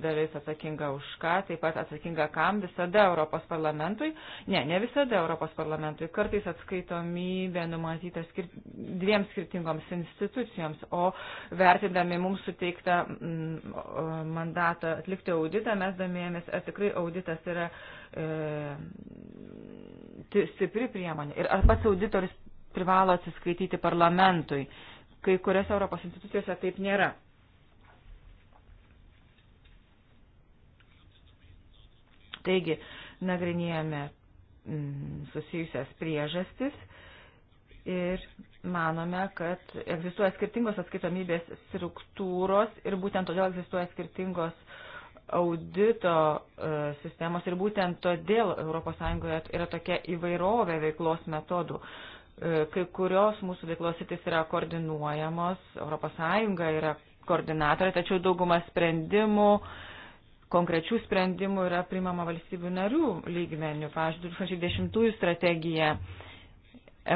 dalis atsakinga už ką, taip pat atsakinga kam visada Europos parlamentui, ne, ne visada Europos parlamentui, kartais atskaitomybė numatyta skir dviem skirtingoms institucijoms, o vertindami mums suteiktą mm, mandatą atlikti auditą, mes domėjomės, ar tikrai auditas yra e, stipri priemonė ir ar pats auditorius privalo atsiskaityti parlamentui. E, Kai kurias Europos institucijose taip nėra. Taigi, nagrinėjame mm, susijusias priežastis ir manome, kad egzistuoja skirtingos atskaitomybės struktūros ir būtent todėl egzistuoja skirtingos audito e, sistemos ir būtent todėl ES yra tokia įvairovė veiklos metodų. E, kai kurios mūsų veiklos sritis yra koordinuojamos, ES yra koordinatorė, tačiau dauguma sprendimų, konkrečių sprendimų yra primama valstybių narių lygmenių. Pavyzdžiui, 2010 strategija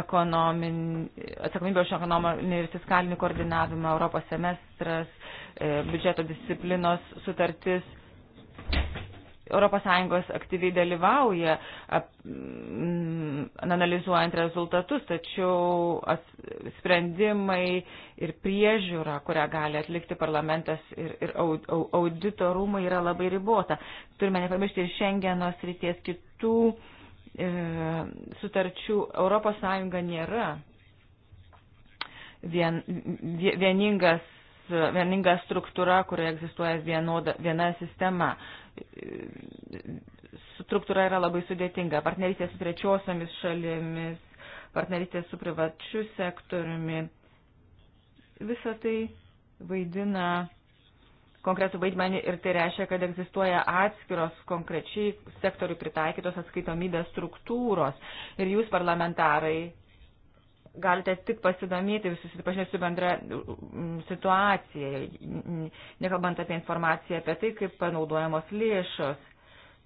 ekonomin, atsakomybė už ekonominį ir fiskalinį koordinavimą, Europos semestras, e, biudžeto disciplinos sutartis ES aktyviai dalyvauja ap, m, mm, analizuojant rezultatus, tačiau as, sprendimai ir priežiūra, kurią gali atlikti parlamentas ir, ir aud, audito rūmai yra labai ribota. Turime nepamiršti ir Šengeno srities kitų e, sutarčių. ES nėra vien, vieningas vieninga struktūra, kurioje egzistuoja vienoda, viena sistema struktūra yra labai sudėtinga. Partnerystė su trečiosiomis šalimis, partnerystė su privačiu sektoriumi. Visa tai vaidina konkretų vaidmenį ir tai reiškia, kad egzistuoja atskiros konkrečiai sektorių pritaikytos atskaitomybės struktūros. Ir jūs parlamentarai galite tik pasidomėti, susipažinti su bendra situacija, nekalbant apie informaciją apie tai, kaip panaudojamos lėšos.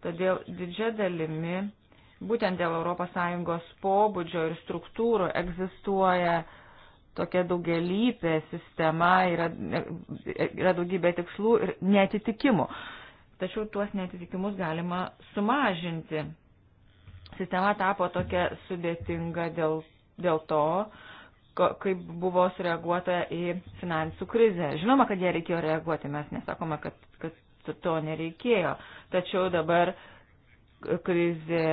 Todėl didžia dalimi, būtent dėl ES pobūdžio ir struktūrų egzistuoja tokia daugelypė sistema, yra, yra daugybė tikslų ir netitikimų. Tačiau tuos netitikimus galima sumažinti. Sistema tapo tokia sudėtinga dėl dėl to, kaip buvo sureaguota į finansų krizę. Žinoma, kad jie reikėjo reaguoti, mes nesakome, kad, kad to nereikėjo. Tačiau dabar krizė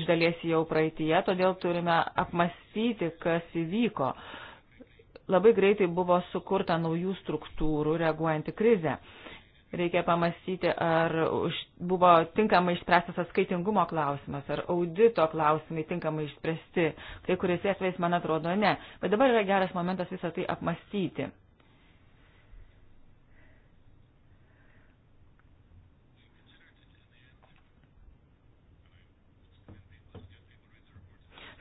iš dalies jau praeitie, todėl turime apmastyti, kas įvyko. Labai greitai buvo sukurta naujų struktūrų reaguojant į krizę. Uh, reikia pamastyti, ar už, buvo tinkamai išspręstas atskaitingumo klausimas, ar audito klausimai tinkamai išspręsti. Kai kuriais atvejais, man atrodo, ne. Bet dabar yra geras momentas visą tai apmastyti.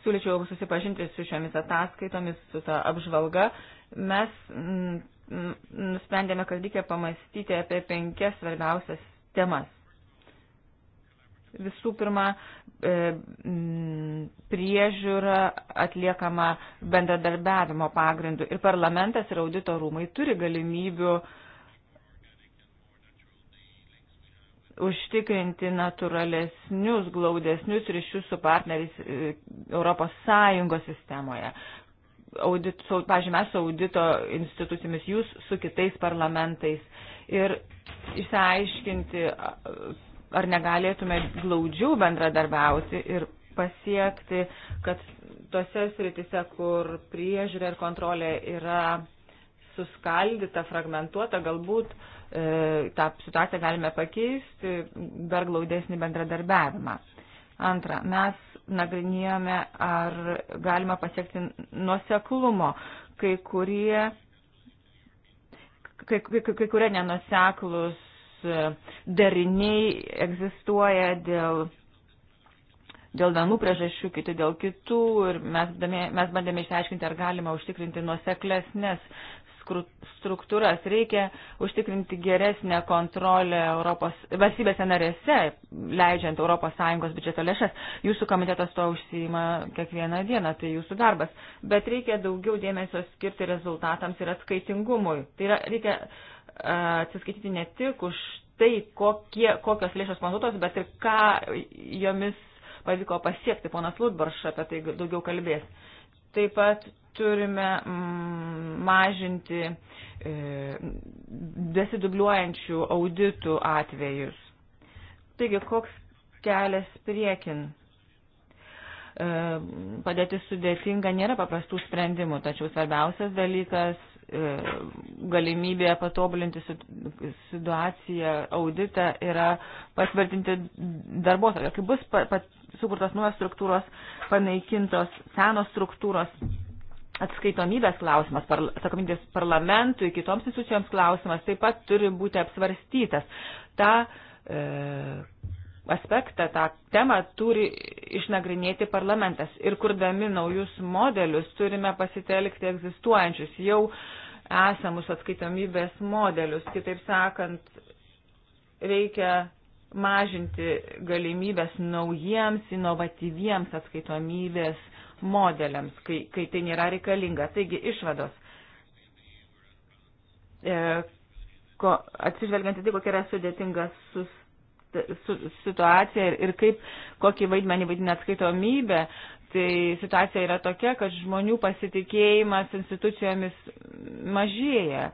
Siūlyčiau susipažinti su šiomis ataskaitomis, su ta apžvalga. Mes m, mm, nusprendėme, kad reikia pamastyti apie penkias svarbiausias temas. Visų pirma, e, priežiūra atliekama bendradarbiavimo pagrindu ir parlamentas ir audito rūmai turi galimybių užtikrinti natūralesnius, glaudesnius ryšius su partneriais e, Europos Sąjungos sistemoje audit, su, pažiūrėjau, mes su audito institucijomis, jūs su kitais parlamentais ir išsiaiškinti, ar negalėtume glaudžiau bendradarbiauti ir pasiekti, kad tose sritise, kur priežiūrė ir kontrolė yra suskaldyta, fragmentuota, galbūt e, tą situaciją galime pakeisti per glaudesnį bendradarbiavimą. Antra, mes nagrinėjome, ar galima pasiekti nuoseklumo. Kai kurie, kai, kai, kai kurie nenuseklus dariniai egzistuoja dėl dėl vienų priežasčių, kiti dėl kitų ir mes, mes bandėme išsiaiškinti, ar galima užtikrinti nuoseklesnės struktūras. Reikia užtikrinti geresnę kontrolę Europos valstybėse narėse, leidžiant ES biudžeto lėšas. Jūsų komitetas to užsijima kiekvieną dieną, tai jūsų darbas. Bet reikia daugiau dėmesio skirti rezultatams ir atskaitingumui. Tai yra, reikia atsiskaityti ne tik už tai, kokie, kokios lėšos panaudotos, bet ir ką jomis pavyko pasiekti. Ponas Lutbarš apie tai daugiau kalbės. Taip pat turime mm, mažinti e, desidubliuojančių auditų atvejus. Taigi, koks kelias priekin? E, Padėti sudėtinga, nėra paprastų sprendimų, tačiau svarbiausias dalykas e, - galimybė patobulinti situaciją, auditą yra patvirtinti darbuotoją. Kai bus pat, pat, sukurtos nuojas struktūros, panaikintos senos struktūros, atskaitomybės klausimas, parla, atsakomybės parlamentui, kitoms institucijoms klausimas taip pat turi būti apsvarstytas. Ta e, aspektą, tą temą turi išnagrinėti parlamentas. Ir kurdami naujus modelius turime pasitelkti egzistuojančius, jau esamus atskaitomybės modelius. Kitaip sakant, reikia mažinti galimybės naujiems, inovatyviems atskaitomybės modeliams, kai, kai tai nėra reikalinga. Taigi išvados. E, ko, atsižvelgiant į tai, kokia yra sudėtinga sus, su, situacija ir, ir kaip, kokį vaidmenį vaidina atskaitomybė, tai situacija yra tokia, kad žmonių pasitikėjimas institucijomis mažėja.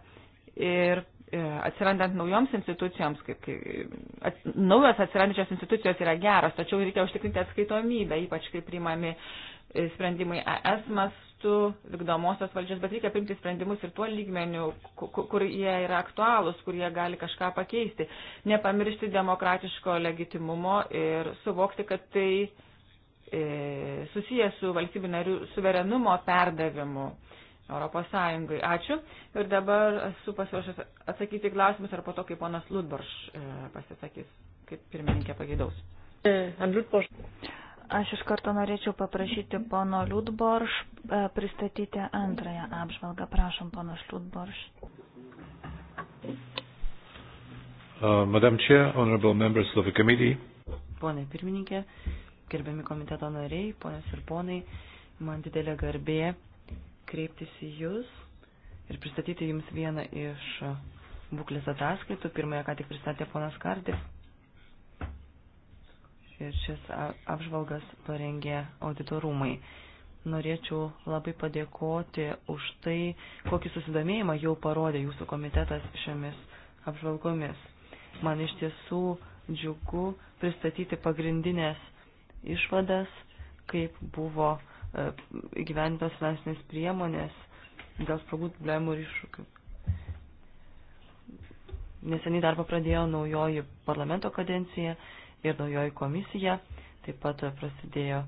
Ir e, atsirandant naujoms institucijoms, kaip, kaip, at, naujos atsirandančios institucijos yra geros, tačiau reikia užtikrinti atskaitomybę, ypač kai priimami sprendimai ES mastu, vykdomosios valdžios, bet reikia priimti sprendimus ir tuo lygmeniu, kur jie yra aktualūs, kur jie gali kažką pakeisti. Nepamiršti demokratiško legitimumo ir suvokti, kad tai e, susijęs su valstybių narių suverenumo perdavimu. Europos Sąjungai. Ačiū. Ir dabar esu pasiruošęs atsakyti klausimus ar po to, kai ponas Ludborš e, pasisakys, kaip pirmininkė pageidaus. E, Aš iš karto norėčiau paprašyti pono Liudborš e, pristatyti antrąją apžvalgą. Prašom, ponas Liudborš. Uh, Madam Chair, Honorable Members of the Committee. Pone pirmininkė, gerbiami komiteto nariai, ponės ir ponai, man didelė garbė kreiptis į Jūs ir pristatyti Jums vieną iš būklės ataskaitų. Pirmąją ką tik pristatė ponas Kardis ir šis apžvalgas parengė auditorumai. Norėčiau labai padėkoti už tai, kokį susidomėjimą jau parodė jūsų komitetas šiomis apžvalgomis. Man iš tiesų džiugu pristatyti pagrindinės išvadas, kaip buvo e, įgyventos finansinės priemonės dėl spragų problemų ir iššūkių. Neseniai darbą pradėjo naujoji parlamento kadencija ir naujoji komisija. Taip pat prasidėjo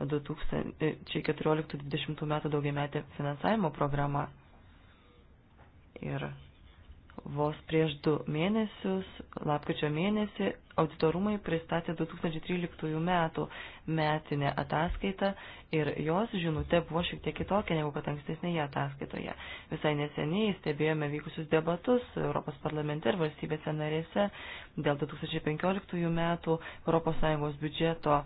2014-2020 metų daugiametė finansavimo programa. Ir Vos prieš du mėnesius, lapkričio mėnesį, auditorumai pristatė 2013 metų metinę ataskaitą ir jos žinutė buvo šiek tiek kitokia negu kad ankstesnėje ataskaitoje. Visai neseniai stebėjome vykusius debatus Europos parlamente ir valstybėse narėse dėl 2015 metų ES biudžeto.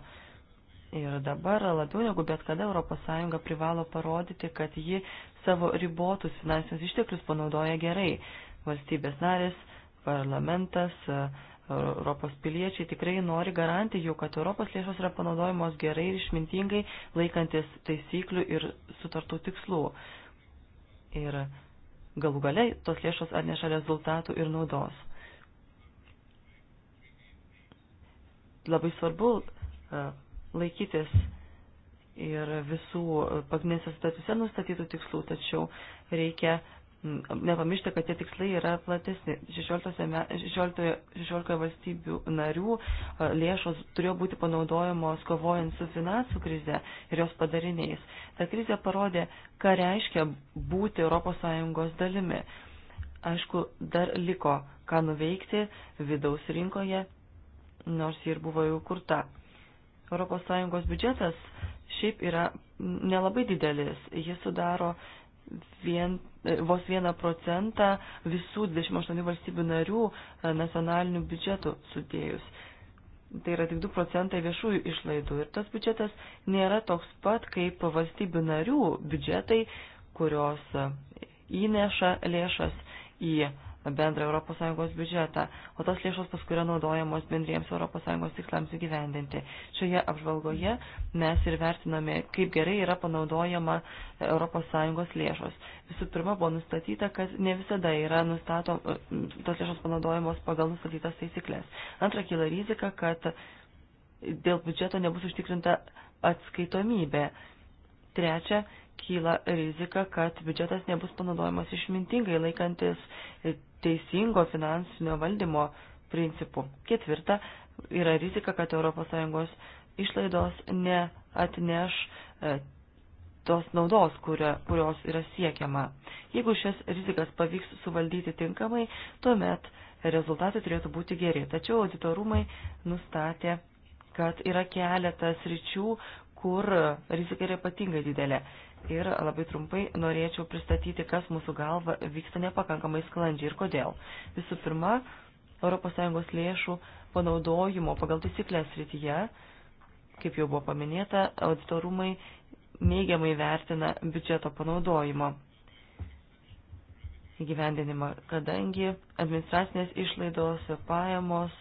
Ir dabar labiau negu bet kada ES privalo parodyti, kad ji savo ribotus finansinius išteklius panaudoja gerai valstybės narės, parlamentas, e, Europos piliečiai tikrai nori garantijų, kad Europos lėšos yra panaudojamos gerai ir išmintingai, laikantis taisyklių ir sutartų tikslų. Ir galų galiai tos lėšos atneša rezultatų ir naudos. Labai svarbu e, laikytis ir visų e, pagrindinėse statuse nustatytų tikslų, tačiau reikia Mm, nepamiršti, kad tie tikslai yra platesni. 16, 16, 16 valstybių narių e, lėšos turėjo būti panaudojamos kovojant su finansų krize ir jos padariniais. Ta krize parodė, ką reiškia būti ES dalimi. Aišku, dar liko ką nuveikti vidaus rinkoje, nors ji ir buvo jau kurta. ES biudžetas šiaip yra mm, nelabai didelis. Jis sudaro vien, e, vos vieną procentą visų 28 valstybių narių e, nacionalinių biudžetų sudėjus. Tai yra tik 2 procentai viešųjų išlaidų ir tas biudžetas nėra toks pat kaip valstybių narių biudžetai, kurios e, įneša lėšas į bendrą ES biudžetą, o tos lėšos paskui yra naudojamos bendriems ES tikslams įgyvendinti. Šioje apžvalgoje mes ir vertiname, kaip gerai yra panaudojama ES lėšos. Visų pirma, buvo nustatyta, kad ne visada yra nustato, tos lėšos panaudojamos pagal nustatytas taisyklės. Antra, kyla rizika, kad dėl biudžeto nebus užtikrinta atskaitomybė. Trečia, kyla rizika, kad biudžetas nebus panaudojamas išmintingai laikantis teisingo finansinio valdymo principų. Ketvirta, yra rizika, kad ES išlaidos neatneš e, tos naudos, kurio, kurios yra siekiama. Jeigu šias rizikas pavyks suvaldyti tinkamai, tuomet rezultatai turėtų būti geri. Tačiau auditorumai nustatė, kad yra keletas ryčių, kur rizika yra ypatingai didelė ir labai trumpai norėčiau pristatyti, kas mūsų galva vyksta nepakankamai sklandžiai ir kodėl. Visų pirma, ES lėšų panaudojimo pagal taisyklės rytyje, kaip jau buvo paminėta, auditorumai neigiamai vertina biudžeto panaudojimo įgyvendinimą, kadangi administracinės išlaidos, pajamos,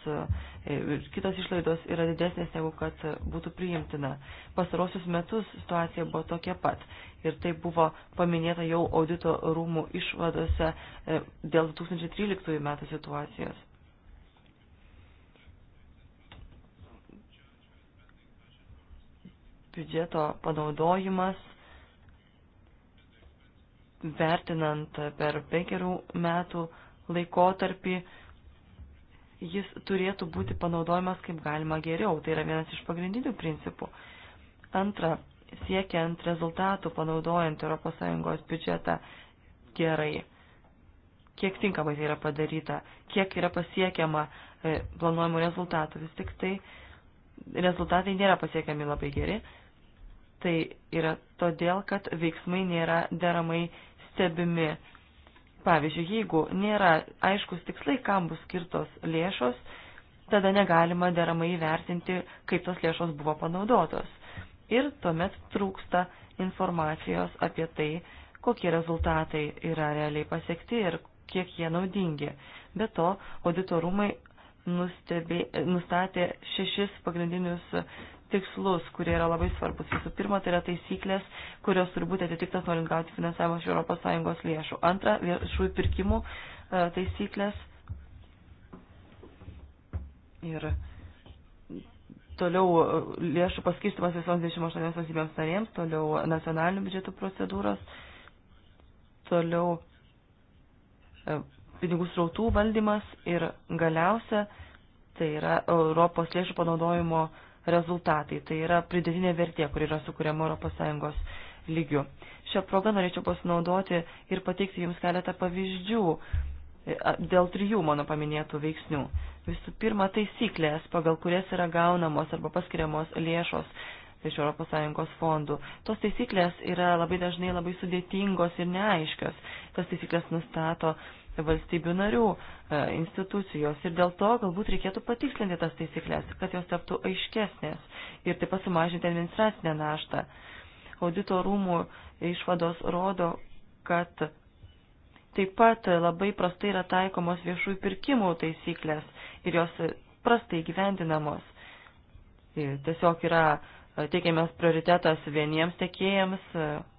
kitos išlaidos yra didesnės negu kad būtų priimtina. Pasarosius metus situacija buvo tokia pat ir tai buvo paminėta jau audito rūmų išvadose e, dėl 2013 metų situacijos. Biudžeto panaudojimas vertinant per penkerių metų laikotarpį jis turėtų būti panaudojamas kaip galima geriau. Tai yra vienas iš pagrindinių principų. Antra, siekiant rezultatų panaudojant ES biudžetą gerai, kiek tinkamai tai yra padaryta, kiek yra pasiekiama e, planuojamų rezultatų. Vis tik tai rezultatai nėra pasiekiami labai geri. Tai yra todėl, kad veiksmai nėra deramai stebimi Pavyzdžiui, jeigu nėra aiškus tikslai, kam bus skirtos lėšos, tada negalima deramai įvertinti, kaip tos lėšos buvo panaudotos. Ir tuomet trūksta informacijos apie tai, kokie rezultatai yra realiai pasiekti ir kiek jie naudingi. Be to, auditorumai nustebė, nustatė šešis pagrindinius tikslus, kurie yra labai svarbus. Visų pirma, tai yra taisyklės, kurios turi būti atitiktas norint gauti finansavimą iš ES lėšų. Antra, viešųjų pirkimų e, taisyklės. Ir toliau e, lėšų paskirstimas visoms 28 valstybėms narėms, toliau nacionalinių biudžetų procedūros, toliau e, pinigų srautų valdymas ir galiausia tai yra Europos lėšų panaudojimo uh, rezultatai, tai yra pridėtinė vertė, kur yra sukūriama ES lygių. Šią progą norėčiau pasinaudoti ir pateikti Jums keletą pavyzdžių e, dėl trijų mano paminėtų veiksnių. Visų pirma, taisyklės, pagal kurias yra gaunamos arba paskiriamos lėšos iš ES fondų. Tos taisyklės yra labai dažnai labai sudėtingos ir neaiškios. Tas taisyklės nustato valstybių narių e, institucijos ir dėl to galbūt reikėtų patikslinti tas taisyklės, kad jos taptų aiškesnės ir taip pat sumažinti administracinę naštą. Audito rūmų išvados rodo, kad taip pat labai prastai yra taikomos viešųjų pirkimų taisyklės ir jos prastai gyvendinamos. E, tiesiog yra e, teikiamas prioritetas vieniems tiekėjams,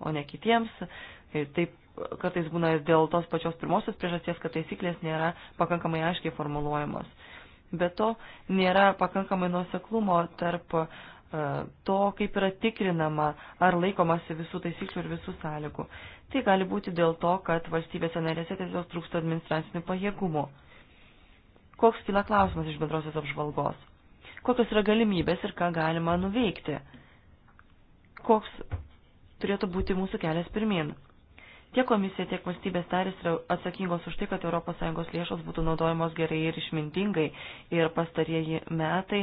o ne kitiems. Taip kartais būna ir dėl tos pačios pirmosios priežasties, kad taisyklės nėra pakankamai aiškiai formuluojamos. Be to, nėra pakankamai nuoseklumo tarp uh, to, kaip yra tikrinama, ar laikomasi visų taisyklių ir visų sąlygų. Tai gali būti dėl to, kad valstybėse narėse tiesiog trūksta administracinių pajėgumų. Koks kyla klausimas iš bendrosios apžvalgos? Kokios yra galimybės ir ką galima nuveikti? Koks turėtų būti mūsų kelias pirmin? Tiek komisija, tiek valstybės narės yra atsakingos už tai, kad ES lėšos būtų naudojamos gerai ir išmintingai. Ir pastarieji metai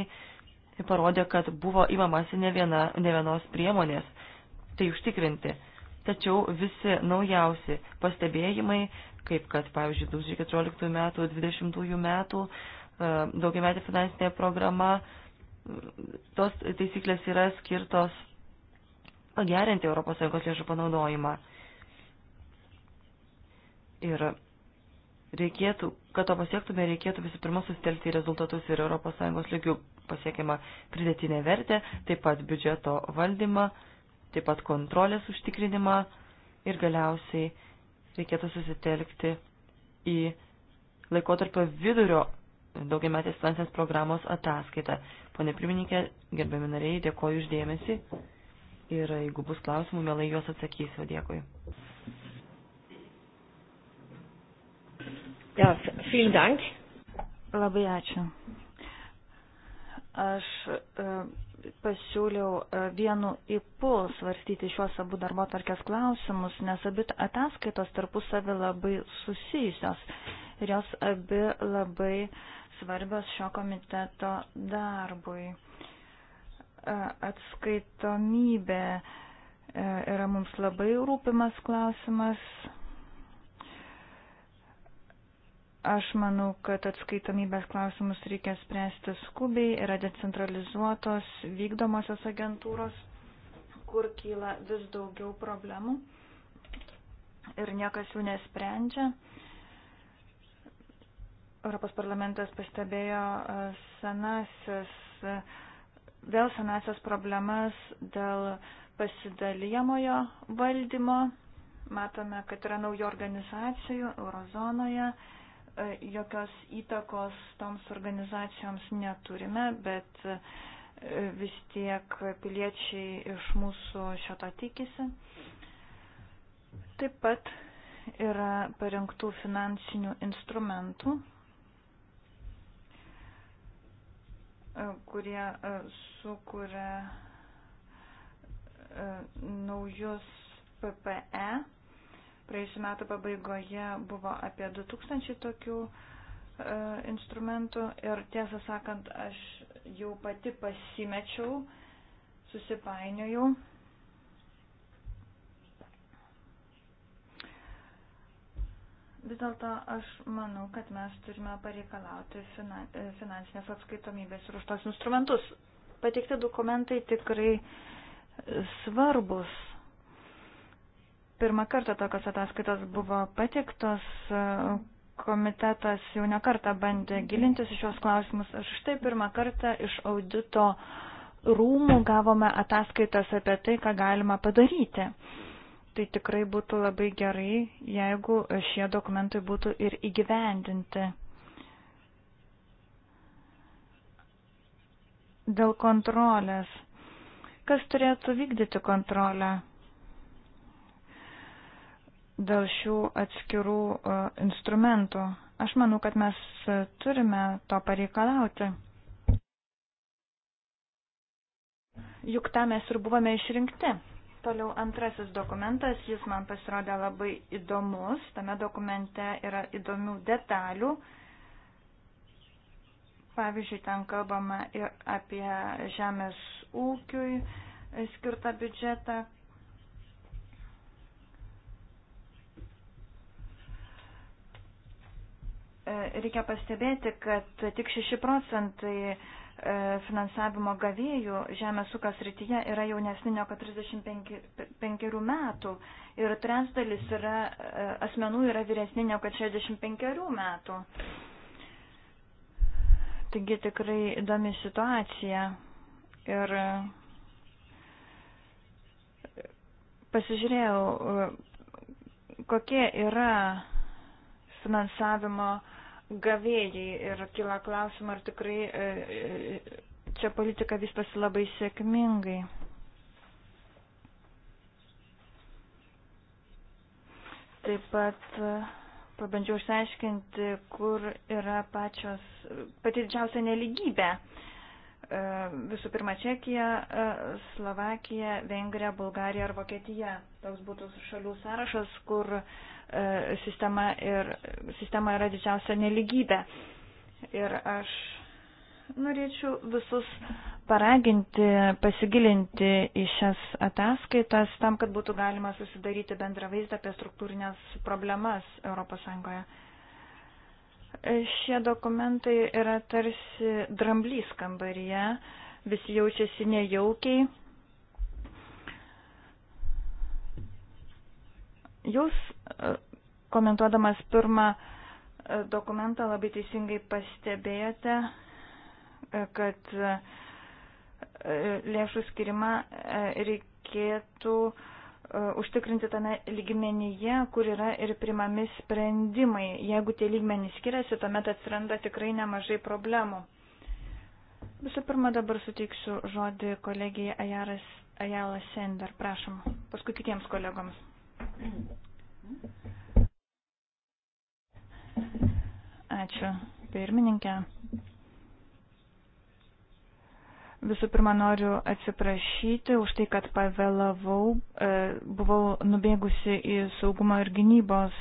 parodė, kad buvo įmamasi ne, viena, ne vienos priemonės tai užtikrinti. Tačiau visi naujausi pastebėjimai, kaip kad, pavyzdžiui, 2014 metų, 2020 metų e, daugiametė finansinė programa, tos taisyklės yra skirtos pagerinti ES lėšų panaudojimą. Ir reikėtų, kad to pasiektume, reikėtų visų pirma sustelti rezultatus ir ES lygių pasiekiamą pridėtinę vertę, taip pat biudžeto valdymą, taip pat kontrolės užtikrinimą ir galiausiai reikėtų susitelkti į laikotarpio vidurio daugiametės finansinės programos ataskaitą. Pone pirmininkė, gerbiami nariai, dėkoju uždėmesi ir jeigu bus klausimų, mielai juos atsakysiu. Dėkui. Ja, vielen Dank. Labai ačiū. Aš e, pasiūliau e, vienu įpu svarstyti šiuos abu darbo tarkės klausimus, nes abi ataskaitos tarpusavį labai susijusios ir jos abi labai svarbios šio komiteto darbui. E, atskaitomybė yra mums labai rūpimas klausimas Aš manau, kad atskaitomybės klausimus reikia spręsti skubiai, yra decentralizuotos vykdomosios agentūros, kur kyla vis daugiau problemų ir niekas jų nesprendžia. Europos parlamentas pastebėjo e, senasis, e, vėl senasias problemas dėl pasidalyjamojo valdymo. Matome, kad yra naujų organizacijų eurozonoje E, jokios įtakos toms organizacijoms neturime, bet e, vis tiek piliečiai iš mūsų šito tikisi. Taip pat yra parengtų finansinių instrumentų, e, kurie sukuria naujus PPE Praėjusiu metu pabaigoje buvo apie 2000 tokių e, instrumentų ir tiesą sakant, aš jau pati pasimečiau, susipainiojau. Vis dėlto aš manau, kad mes turime pareikalauti e, finansinės atskaitomybės ir už tos instrumentus. Pateikti dokumentai tikrai svarbus pirmą kartą tokios ataskaitos buvo patiktos, komitetas jau nekartą bandė gilintis į šios klausimus. Aš štai pirmą kartą iš audito rūmų gavome ataskaitas apie tai, ką galima padaryti. Tai tikrai būtų labai gerai, jeigu šie dokumentai būtų ir įgyvendinti. Dėl kontrolės. Kas turėtų vykdyti kontrolę? dėl šių atskirų e, instrumentų. Aš manau, kad mes e, turime to pareikalauti. Juk tą mes ir buvome išrinkti. Toliau antrasis dokumentas, jis man pasirodė labai įdomus. Tame dokumente yra įdomių detalių. Pavyzdžiui, ten kalbama ir apie žemės ūkiui skirtą biudžetą, reikia pastebėti, kad tik 6 procentai e, finansavimo gavėjų žemės ūkas rytyje yra jaunesni negu 35 metų ir trečdalis yra, e, asmenų yra vyresni negu 65 metų. Taigi tikrai įdomi situacija ir e, pasižiūrėjau, kokie yra finansavimo uh, gavėjai ir kila klausimą, ar tikrai e, čia politika vystosi labai sėkmingai. Taip pat e, pabandžiau išsiaiškinti, kur yra pačios, pati didžiausia neligybė. Uh, E, visų pirma Čekija, e, Slovakija, Vengrija, Bulgarija ar Vokietija. Toks būtų šalių sąrašas, kur e, sistema, ir, sistema yra didžiausia neligybė. Ir aš norėčiau visus paraginti, pasigilinti į šias ataskaitas tam, kad būtų galima susidaryti bendrą vaizdą apie struktūrinės problemas ES. Šie dokumentai yra tarsi dramblys kambaryje, visi jaučiasi nejaukiai. Jūs, e, komentuodamas pirmą e, dokumentą, labai teisingai pastebėjote, e, kad lėšų skirimą reikėtų E, užtikrinti tame lygmenyje, kur yra ir primami sprendimai. Jeigu tie lygmenys skiriasi, tuomet atsiranda tikrai nemažai problemų. Visų pirma, dabar suteiksiu žodį kolegijai Ajaras, Ajala Sender, prašom, paskui kitiems kolegoms. Ačiū, pirmininkė. Visų pirma, noriu atsiprašyti už tai, kad pavėlavau, e, buvau nubėgusi į saugumo ir gynybos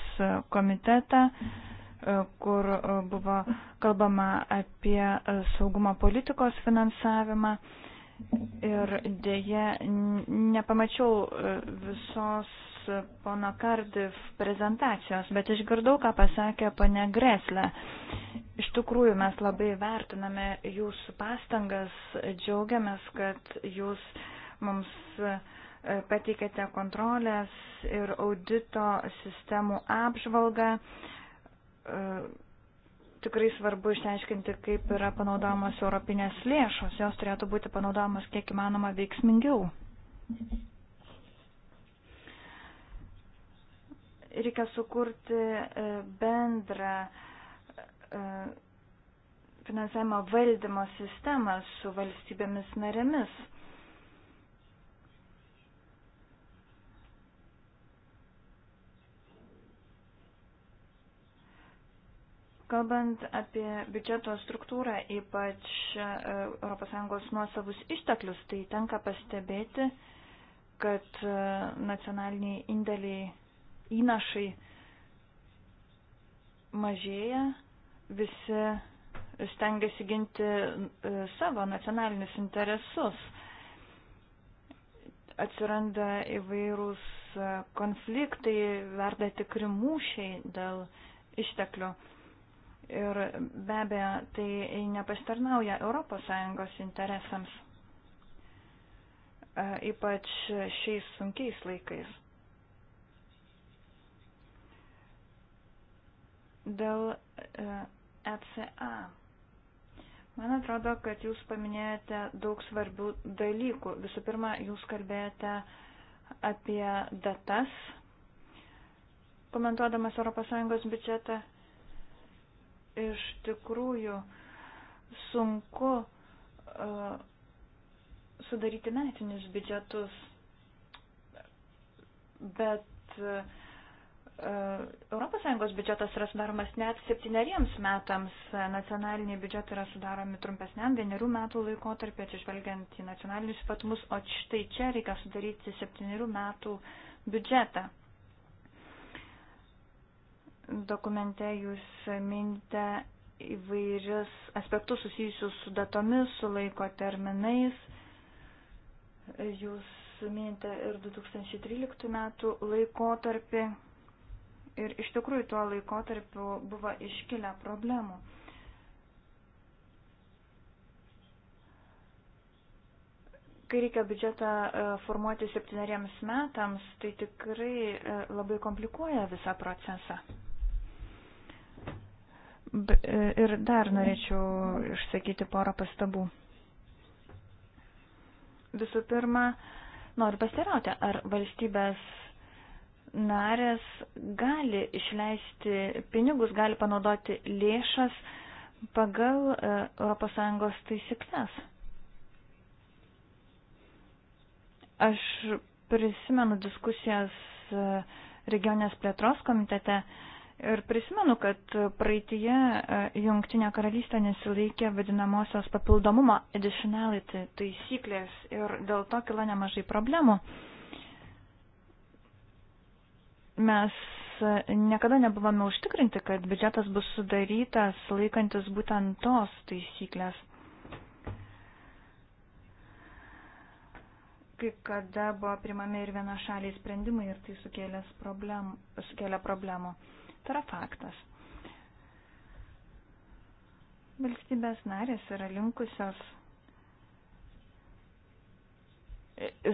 komitetą, e, kur e, buvo kalbama apie saugumo politikos finansavimą. Ir dėje nepamačiau visos pono Kardif prezentacijos, bet išgirdau, ką pasakė pane Greslė. Iš tikrųjų, mes labai vertiname jūsų pastangas, džiaugiamės, kad jūs mums e, pateikėte kontrolės ir audito sistemų apžvalgą. E, tikrai svarbu išsiaiškinti, kaip yra panaudojamos europinės lėšos, jos turėtų būti panaudojamos kiek įmanoma veiksmingiau. Thank you. Reikia sukurti e, bendrą e, finansavimo valdymo sistemą su valstybėmis narėmis. Kalbant apie biudžeto struktūrą, ypač ES nuosavus išteklius, tai tenka pastebėti, kad e, nacionaliniai indėliai įnašai mažėja, visi stengiasi ginti e, savo nacionalinius interesus. Atsiranda įvairūs e, konfliktai, verda tikri mūšiai dėl išteklių. Ir be abejo, tai nepastarnauja ES interesams, e, ypač šiais sunkiais laikais. Dėl ECA. E Man atrodo, kad jūs paminėjote daug svarbių dalykų. Visų pirma, jūs kalbėjote apie datas, komentuodamas ES biudžetą. Iš tikrųjų, sunku uh, sudaryti metinius biudžetus, bet uh, ES biudžetas yra sudaromas net septyneriems metams, nacionaliniai biudžetai yra sudaromi trumpesniam vienerių metų laikotarpį, atsižvelgiant į nacionalinius ypatumus, o štai čia reikia sudaryti septynerių metų biudžetą. Dokumente jūs mintė įvairius aspektus susijusius su datomis, su laiko terminais. Jūs minite ir 2013 metų laikotarpį ir iš tikrųjų tuo laikotarpiu buvo iškilę problemų. Kai reikia biudžetą e, formuoti septyneriems metams, tai tikrai e, labai komplikuoja visą procesą. E, ir dar norėčiau išsakyti porą pastabų. Visų pirma, noriu pasirauti, ar valstybės narės gali išleisti pinigus, gali panaudoti lėšas pagal ES taisyklės. Aš prisimenu diskusijas e, regionės plėtros komitete ir prisimenu, kad praeitie e, Jungtinė karalystė nesilaikė vadinamosios papildomumo additionality taisyklės ir dėl to kila nemažai problemų. Uh, Mes e, niekada nebuvome užtikrinti, kad biudžetas bus sudarytas laikantis būtent tos taisyklės. Kai kada buvo primami ir viena šaliai sprendimai ir tai sukėlė problem, problemų. Tai yra faktas. Valstybės narės yra linkusios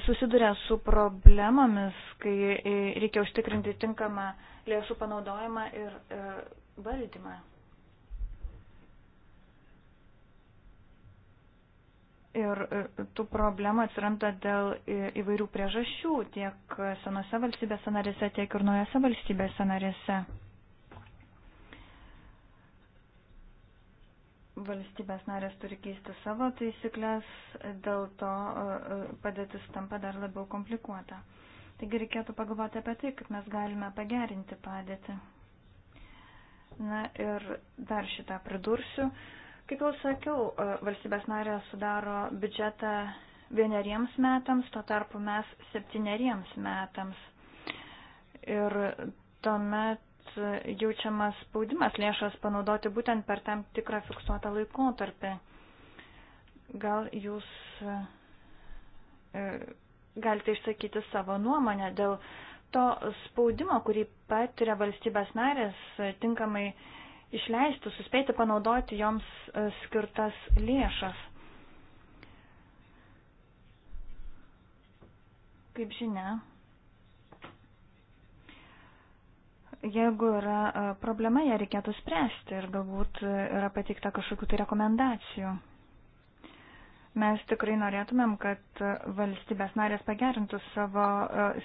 susiduria su problemomis, kai e, reikia užtikrinti tinkamą lėšų panaudojimą ir e, valdymą. Ir e, tų problemų atsiranda dėl įvairių priežasčių tiek senose valstybėse narėse, tiek ir naujose valstybėse narėse. valstybės narės turi keisti savo taisyklės, dėl to e, e, padėtis tampa dar labiau komplikuota. Taigi reikėtų pagalvoti apie tai, kaip mes galime pagerinti padėtį. Na ir dar šitą pridursiu. Kaip jau sakiau, e, valstybės narės sudaro biudžetą vieneriems metams, tuo tarpu mes septyneriems metams. Ir tuomet jaučiamas spaudimas lėšas panaudoti būtent per tam tikrą fiksuotą laikotarpį. Gal jūs e, galite išsakyti savo nuomonę dėl to spaudimo, kurį patiria valstybės narės tinkamai išleisti, suspėti panaudoti joms e, skirtas lėšas. Kaip žinia, jeigu yra e, problema, ją reikėtų spręsti ir galbūt e, yra pateikta kažkokių tai rekomendacijų. Mes tikrai norėtumėm, kad e, valstybės narės pagerintų savo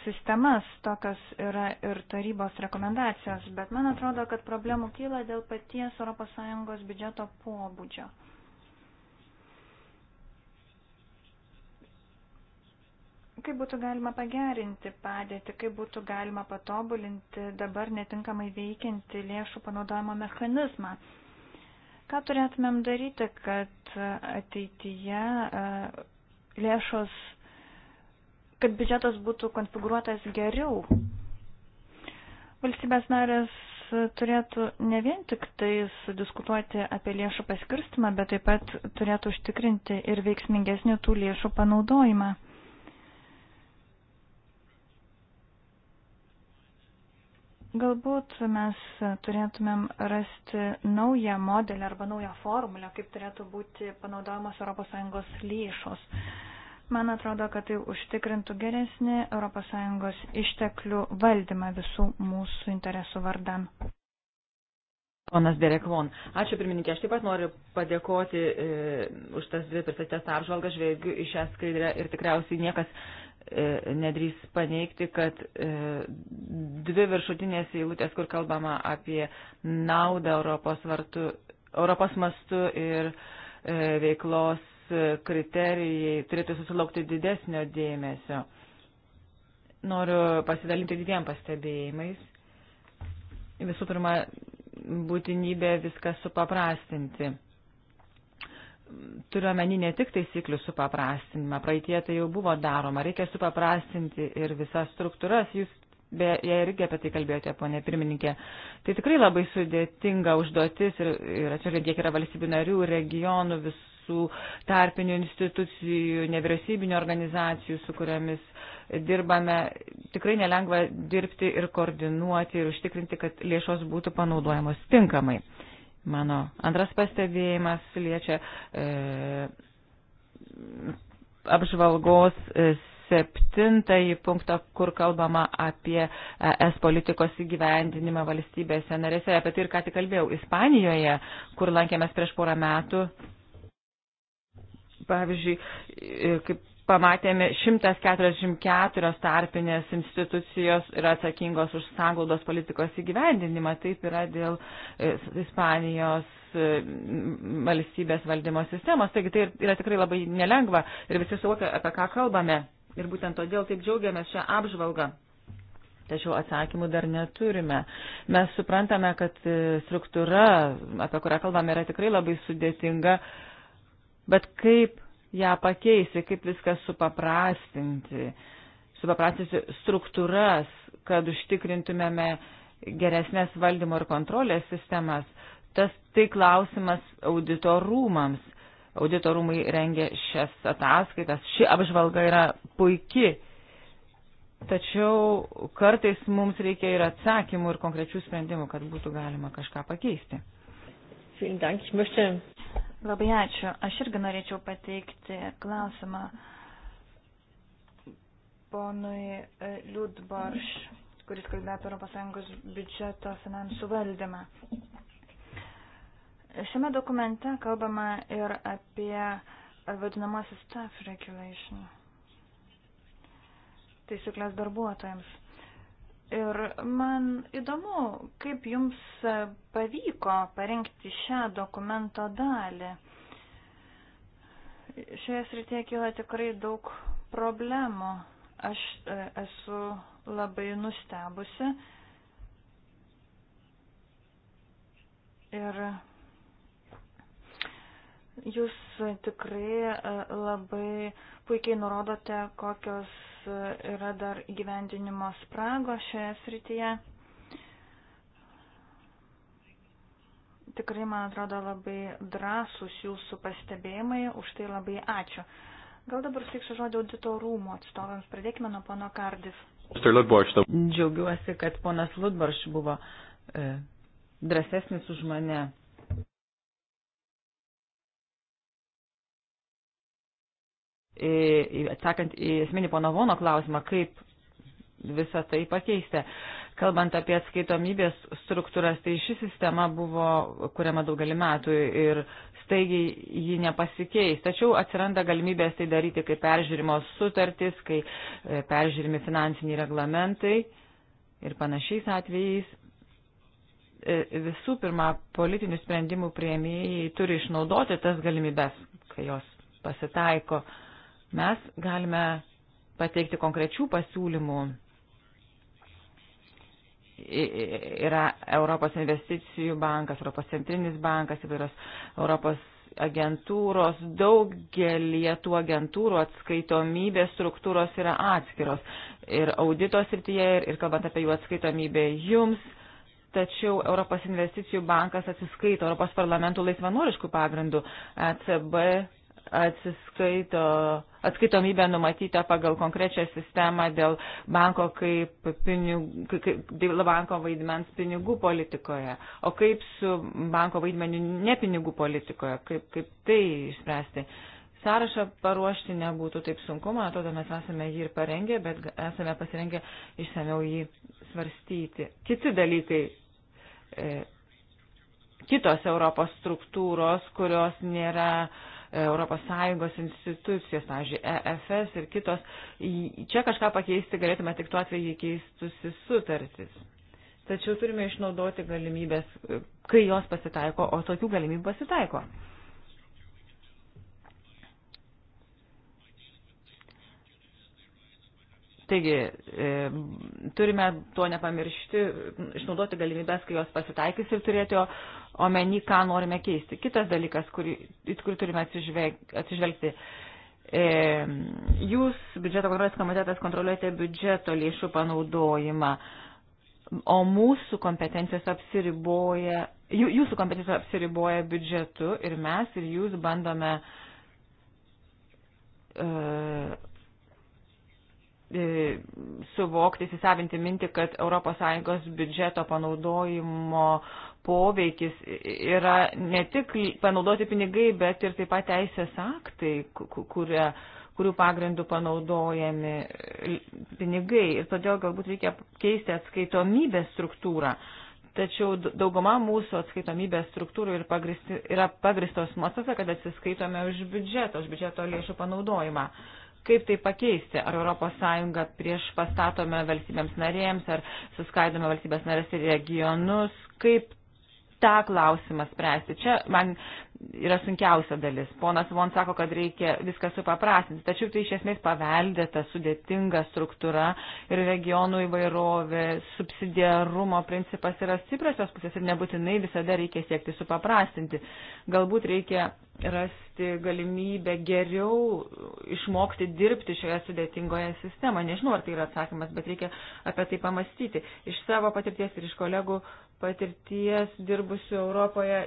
sistemas, tokios yra ir tarybos rekomendacijos, bet man atrodo, kad problemų kyla dėl paties ES biudžeto pobūdžio. kaip būtų galima pagerinti padėtį, kaip būtų galima patobulinti dabar netinkamai veikianti lėšų panaudojimo mechanizmą. Ką turėtumėm daryti, kad ateityje e, lėšos, kad biudžetas būtų konfigūruotas geriau? Valstybės narės turėtų ne vien tik tai diskutuoti apie lėšų paskirstimą, bet taip pat turėtų užtikrinti ir veiksmingesnį tų lėšų panaudojimą. Galbūt mes turėtumėm rasti naują modelį arba naują formulę, kaip turėtų būti panaudojamos ES lėšos. Man atrodo, kad tai užtikrintų geresnį ES išteklių valdymą visų mūsų interesų vardan. Ponas Derekvon, ačiū pirmininkė, aš taip pat noriu padėkoti e, už tas dvi pristatytas apžvalgas, žvelgiu į šią skaidrę ir tikriausiai niekas E, nedrys paneigti, kad e, dvi viršutinės eilutės, kur kalbama apie naudą Europos, vartų, Europos mastu ir e, veiklos kriterijai, turėtų susilaukti didesnio dėmesio. Noriu pasidalinti dviem pastebėjimais. Visų pirma, būtinybė viską supaprastinti turiuomenį ne tik taisyklių supaprastinimą, praeitie tai jau buvo daroma, reikia supaprastinti ir visas struktūras, jūs be, jei irgi apie tai kalbėjote, ponė pirmininkė, tai tikrai labai sudėtinga užduotis ir, ir atsižiūrėjant, kiek yra valstybių narių, regionų, visų tarpinių institucijų, nevyriausybinio organizacijų, su kuriamis dirbame, tikrai nelengva dirbti ir koordinuoti ir užtikrinti, kad lėšos būtų panaudojamos tinkamai. Mano antras pastebėjimas liečia e, apžvalgos e, septintąjį punktą, kur kalbama apie e, es politikos įgyvendinimą valstybėse narėse. Apie tai ir ką tik kalbėjau. Ispanijoje, kur lankėmės prieš porą metų, pavyzdžiui, e, kaip pamatėme 144 tarpinės institucijos yra atsakingos už sanglaudos politikos įgyvendinimą. Taip yra dėl e, Ispanijos e, valstybės valdymo sistemos. Taigi tai yra tikrai labai nelengva ir visi suvokia, apie ką kalbame. Ir būtent todėl taip džiaugiamės šią apžvalgą. Tačiau atsakymų dar neturime. Mes suprantame, kad e, struktūra, apie kurią kalbame, yra tikrai labai sudėtinga, bet kaip ją pakeisti, kaip viską supaprastinti, supaprastinti struktūras, kad užtikrintumėme geresnės valdymo ir kontrolės sistemas. Tas tai klausimas auditorumams. Auditorumai rengia šias ataskaitas. Ši apžvalga yra puiki. Tačiau kartais mums reikia ir atsakymų, ir konkrečių sprendimų, kad būtų galima kažką pakeisti. Labai ačiū. Aš irgi norėčiau pateikti klausimą ponui e, Liudborš, kuris kalbėjo apie ES biudžeto finansų valdymą. Šiame dokumente kalbama ir apie vadinamosius staff regulation, taisyklės darbuotojams. Ir man įdomu, kaip jums pavyko parengti šią dokumento dalį. Šioje srityje kyla tikrai daug problemų. Aš e, esu labai nustebusi. Ir Jūs tikrai e, labai puikiai nurodote, kokios e, yra dar gyvendinimo spragos šioje srityje. Tikrai, man atrodo, labai drąsus jūsų pastebėjimai, už tai labai ačiū. Gal dabar sėksiu žodį audito rūmų atstovams. Pradėkime nuo pono Kardif. Džiaugiuosi, kad ponas Ludbarš buvo e, drąsesnis už mane atsakant į esminį pono Vono klausimą, kaip visą tai pakeisti. Kalbant apie atskaitomybės struktūras, tai ši sistema buvo kuriama daugelį metų ir staigiai ji nepasikeis. Tačiau atsiranda galimybės tai daryti, kai peržiūrimos sutartys, kai e, peržiūrimi finansiniai reglamentai ir panašiais atvejais. E, visų pirma, politinių sprendimų prieimėjai turi išnaudoti tas galimybės, kai jos pasitaiko. Mes galime pateikti konkrečių pasiūlymų. Yra Europos investicijų bankas, Europos centrinis bankas, įvairios Europos agentūros, daugelį tų agentūrų atskaitomybės struktūros yra atskiros. Ir audito srityje, ir, ir kalbant apie jų atskaitomybę jums, tačiau Europos investicijų bankas atsiskaito Europos parlamentų laisvanoriškų pagrindų. ECB atsiskaito, atskaitomybė numatyta pagal konkrečią sistemą dėl banko, kaip pinigų, kaip, dėl banko vaidmens pinigų politikoje. O kaip su banko vaidmeniu ne pinigų politikoje, kaip, kaip tai išspręsti. Sąrašą paruošti nebūtų taip sunku, man atrodo, mes esame jį ir parengę, bet esame pasirengę išsameu jį svarstyti. Kiti dalykai. E, kitos Europos struktūros, kurios nėra uh, ES institucijos, pavyzdžiui, EFS ir kitos. Čia kažką pakeisti galėtume tik tuo atveju, jei keistusi sutartis. Tačiau turime išnaudoti galimybės, kai jos pasitaiko, o tokių galimybių pasitaiko. Taigi, e, turime to nepamiršti, išnaudoti galimybės, kai jos pasitaikys ir turėti omeny, ką norime keisti. Kitas dalykas, kurį, į kurį turime atsižvelg, atsižvelgti. E, jūs, biudžeto kontrolės komitetas, kontroliuojate biudžeto lėšų panaudojimą, o mūsų kompetencijos apsiriboja, jūsų kompetencijos apsiriboja biudžetu ir mes ir jūs bandome. E, E, suvokti, įsisavinti minti, kad ES biudžeto panaudojimo poveikis yra ne tik panaudoti pinigai, bet ir taip pat teisės aktai, kurie kurių pagrindų panaudojami pinigai. Ir todėl galbūt reikia keisti atskaitomybės struktūrą. Tačiau dauguma mūsų atskaitomybės struktūrų ir pagristi, yra pagristos nuostata, kad atsiskaitome už biudžetą, už biudžeto lėšų panaudojimą. Uh, kaip tai pakeisti? Ar ES prieš pastatome valstybėms narėms, ar suskaidome valstybės narės ir regionus? Kaip tą klausimą spręsti? Čia man yra sunkiausia dalis. Ponas Von sako, kad reikia viską supaprastinti, tačiau tai iš esmės paveldėta sudėtinga struktūra ir regionų įvairovė, subsidiarumo principas yra stipriosios pusės ir nebūtinai visada reikia siekti supaprastinti. Galbūt reikia rasti galimybę geriau išmokti dirbti šioje sudėtingoje sistemoje. Nežinau, ar tai yra atsakymas, bet reikia apie tai pamastyti. Iš savo patirties ir iš kolegų patirties dirbusių Europoje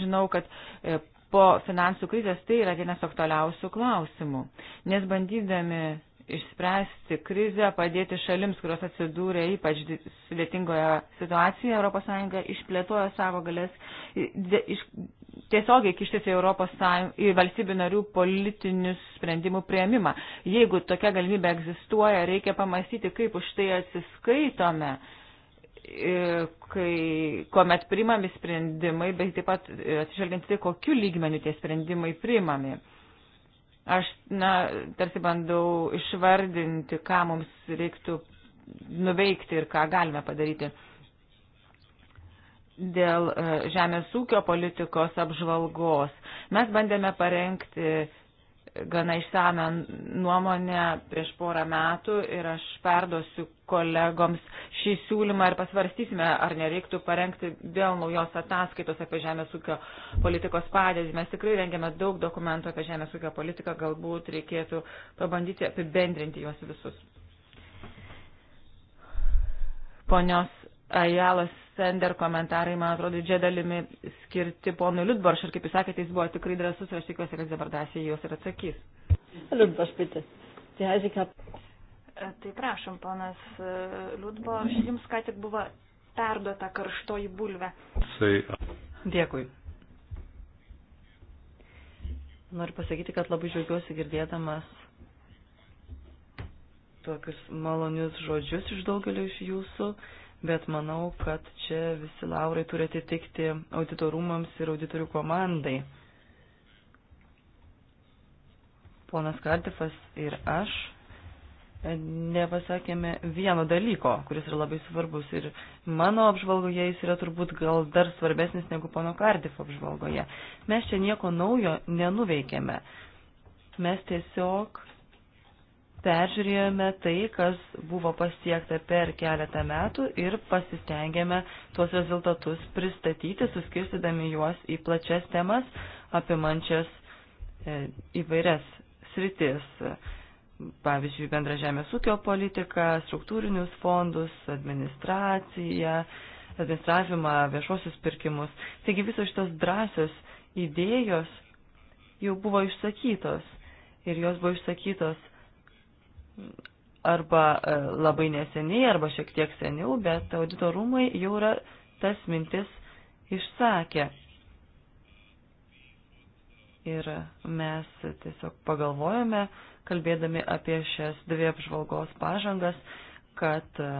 žinau, kad e, po finansų krizės tai yra vienas aktualiausių klausimų. Nes bandydami išspręsti krizę, padėti šalims, kurios atsidūrė ypač sudėtingoje situacijoje, ES išplėtojo savo galės, iš, tiesiogiai kištis į Europos Sąjungą, į valstybių narių politinius sprendimų prieimimą. Jeigu tokia galimybė egzistuoja, reikia pamastyti, kaip už tai atsiskaitome, e, kai, kuomet primami sprendimai, bet taip pat e, atsižvelgiant tai, kokiu lygmeniu tie sprendimai primami. Aš, na, tarsi bandau išvardinti, ką mums reiktų nuveikti ir ką galime padaryti dėl e, žemės ūkio politikos apžvalgos. Mes bandėme parengti gana išsame nuomonę prieš porą metų ir aš perduosiu kolegoms šį siūlymą ir pasvarstysime, ar nereiktų parengti dėl naujos ataskaitos apie žemės ūkio politikos padėtį. Mes tikrai rengiame daug dokumentų apie žemės ūkio politiką, galbūt reikėtų pabandyti apibendrinti juos visus. Ponios Ajalas Sender komentarai, man atrodo, didžia dalimi skirti ponui Liudbarš ir kaip jūs sakėte, jis buvo tikrai drasus ir aš tikiuosi, kad Zabardasė juos ir atsakys. Liudbarš, pitė. E, tai prašom, ponas e, Liudbarš, jums ką tik buvo perduota karštoji bulvė. Uh, Dėkui. Noriu pasakyti, kad labai džiaugiuosi girdėdamas tokius malonius žodžius iš daugelio iš jūsų. Uh, bet manau, kad čia visi laurai turi atitikti auditorumams ir auditorių komandai. Ponas Kartifas ir aš nepasakėme vieno dalyko, kuris yra labai svarbus ir mano apžvalgoje jis yra turbūt gal dar svarbesnis negu pono Kardifo apžvalgoje. Mes čia nieko naujo nenuveikėme. Mes tiesiog peržiūrėjome tai, kas buvo pasiekta per keletą metų ir pasistengėme tuos rezultatus pristatyti, suskirstydami juos į plačias temas, apimančias e, įvairias sritis. Pavyzdžiui, bendra žemės ūkio politika, struktūrinius fondus, administraciją, administravimą, viešuosius pirkimus. Taigi visos šitos drąsios idėjos jau buvo išsakytos ir jos buvo išsakytos arba e, labai neseniai, arba šiek tiek seniau, bet auditorumai jau yra tas mintis išsakę. Ir mes tiesiog pagalvojame, kalbėdami apie šias dvi apžvalgos pažangas, kad e,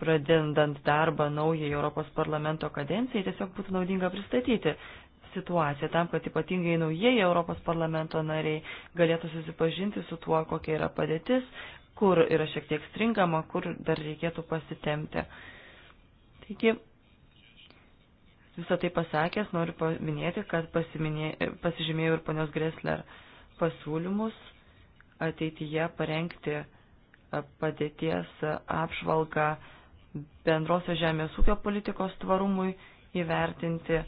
pradedant darbą naujai Europos parlamento kadencijai tiesiog būtų naudinga pristatyti situaciją, tam, kad ypatingai naujieji Europos parlamento nariai galėtų susipažinti su tuo, kokia yra padėtis, kur yra šiek tiek stringama, kur dar reikėtų pasitemti. Taigi, visą tai pasakęs, noriu paminėti, kad pasižymėjau ir ponios Gresler pasiūlymus ateityje parengti padėties apžvalgą bendrosios žemės ūkio politikos tvarumui įvertinti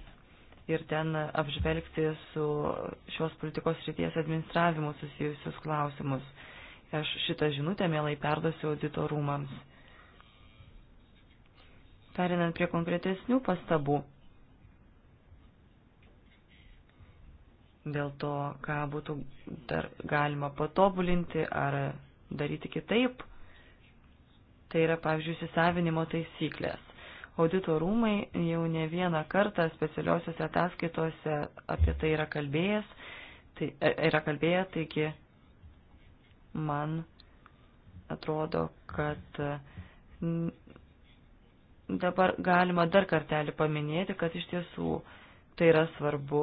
ir ten apžvelgti su šios politikos ryties administravimu susijusius klausimus. Aš šitą žinutę mielai perduosiu auditorumams. Perinant prie konkretesnių pastabų dėl to, ką būtų dar galima patobulinti ar daryti kitaip, tai yra, pavyzdžiui, įsisavinimo taisyklės. Audito rūmai jau ne vieną kartą specialiosiuose ataskaitose apie tai yra kalbėjęs, tai, e, yra kalbėję, taigi man atrodo, kad e, dabar galima dar kartelį paminėti, kad iš tiesų tai yra svarbu,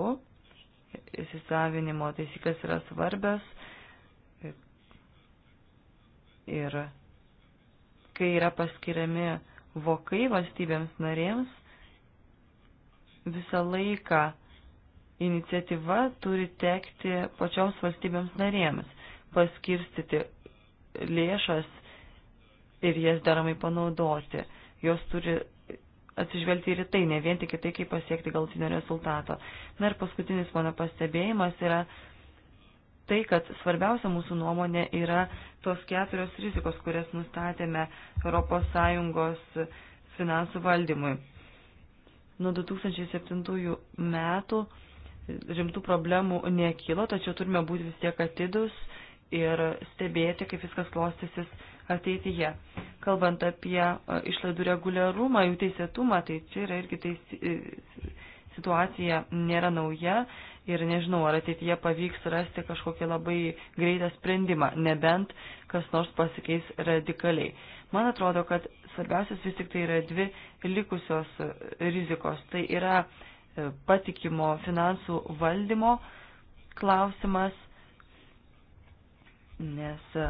įsisavinimo taisyklės yra svarbios ir kai yra paskiriami vokai valstybėms narėms visą laiką iniciatyva turi tekti pačioms valstybėms narėms, paskirstyti lėšas ir jas deramai panaudoti. Jos turi atsižvelgti ir į tai, ne vien tik į tai, kaip pasiekti galutinio rezultato. Na ir paskutinis mano pastebėjimas yra tai, kad svarbiausia mūsų nuomonė yra tos keturios rizikos, kurias nustatėme ES finansų valdymui. Nuo 2007 metų rimtų problemų nekilo, tačiau turime būti vis tiek atidus ir stebėti, kaip viskas klostysis ateityje. Kalbant apie e, išlaidų reguliarumą, jų teisėtumą, tai čia yra irgi teis, situacija nėra nauja ir nežinau, ar ateityje pavyks rasti kažkokį labai greitą sprendimą, nebent kas nors pasikeis radikaliai. Man atrodo, kad svarbiausias vis tik tai yra dvi likusios rizikos. Tai yra e, patikimo finansų valdymo klausimas, nes e,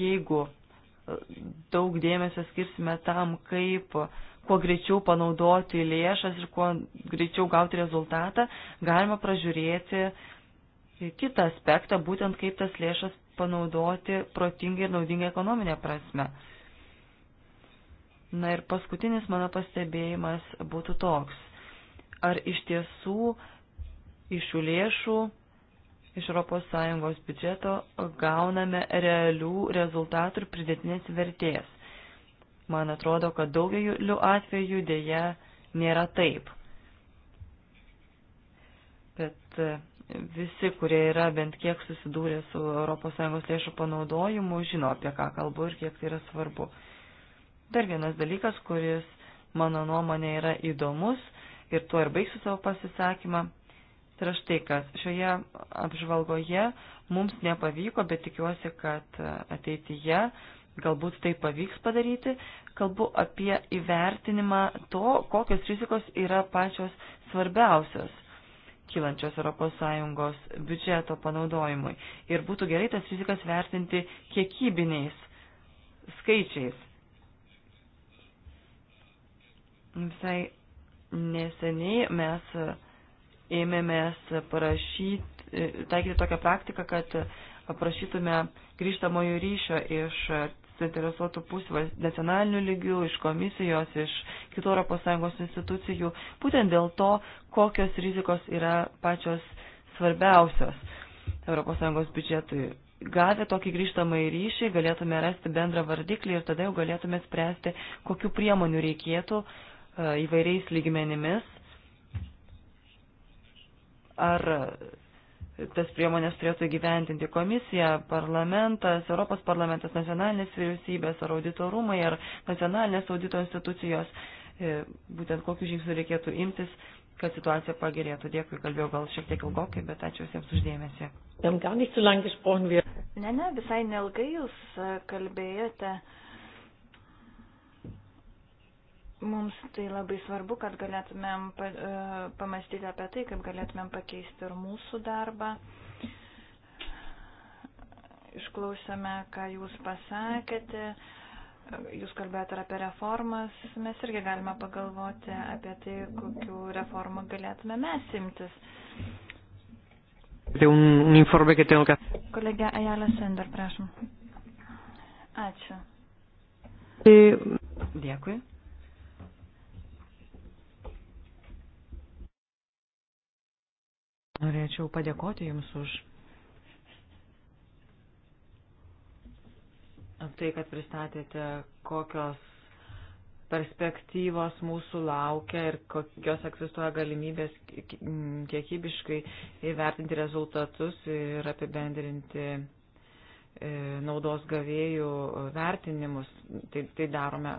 jeigu e, daug dėmesio skirsime tam, kaip uh, kuo greičiau panaudoti lėšas ir kuo greičiau gauti rezultatą, galima pražiūrėti kitą aspektą, būtent kaip tas lėšas panaudoti protingai ir naudingai ekonominė prasme. Na ir paskutinis mano pastebėjimas būtų toks. Ar iš tiesų iš šių lėšų iš ES biudžeto gauname realių rezultatų ir pridėtinės vertės? Man atrodo, kad daugeliu atveju dėja nėra taip. Bet e, visi, kurie yra bent kiek susidūrę su ES lėšų panaudojimu, žino, apie ką kalbu ir kiek tai yra svarbu. Dar vienas dalykas, kuris mano nuomonė yra įdomus ir tuo ir baigsiu savo pasisakymą, tai yra štai kas. Šioje apžvalgoje mums nepavyko, bet tikiuosi, kad e, ateityje galbūt tai pavyks padaryti. Kalbu apie įvertinimą to, kokios rizikos yra pačios svarbiausios kylančios ES biudžeto panaudojimui. Ir būtų gerai tas rizikas vertinti kiekybiniais skaičiais. Visai neseniai mes ėmėmės parašyti, taikyti tokią praktiką, kad aprašytume grįžtamojo ryšio iš suinteresuotų pusių nacionalinių lygių, iš komisijos, iš kitų ES institucijų, būtent dėl to, kokios rizikos yra pačios svarbiausios ES biudžetui. Gavę tokį grįžtamąjį ryšį galėtume rasti bendrą vardiklį ir tada jau galėtume spręsti, kokiu priemonių reikėtų e, įvairiais lygmenimis, ar tas priemonės turėtų gyventinti komisija, parlamentas, Europos parlamentas, nacionalinės vyriausybės ar auditorumai ar nacionalinės audito institucijos. E, būtent kokius žingsnius reikėtų imtis, kad situacija pagerėtų. Dėkui, kalbėjau gal šiek tiek ilgokai, bet ačiū visiems uždėmesi. Ne, ne, visai nelgai jūs e, kalbėjote. Mums tai labai svarbu, kad galėtumėm e, pamastyti apie tai, kaip galėtumėm pakeisti ir mūsų darbą. Išklausėme, ką jūs pasakėte. Jūs kalbėjote apie reformas, mes irgi galime pagalvoti apie tai, kokiu reformą galėtume mes imtis. Kolegė Ajalė Sender, prašom. Ačiū. E, Dėkui. Norėčiau padėkoti Jums už tai, kad pristatėte, kokios perspektyvos mūsų laukia ir kokios egzistuoja galimybės kiekybiškai įvertinti rezultatus ir apibendrinti e, naudos gavėjų vertinimus. Tai, tai darome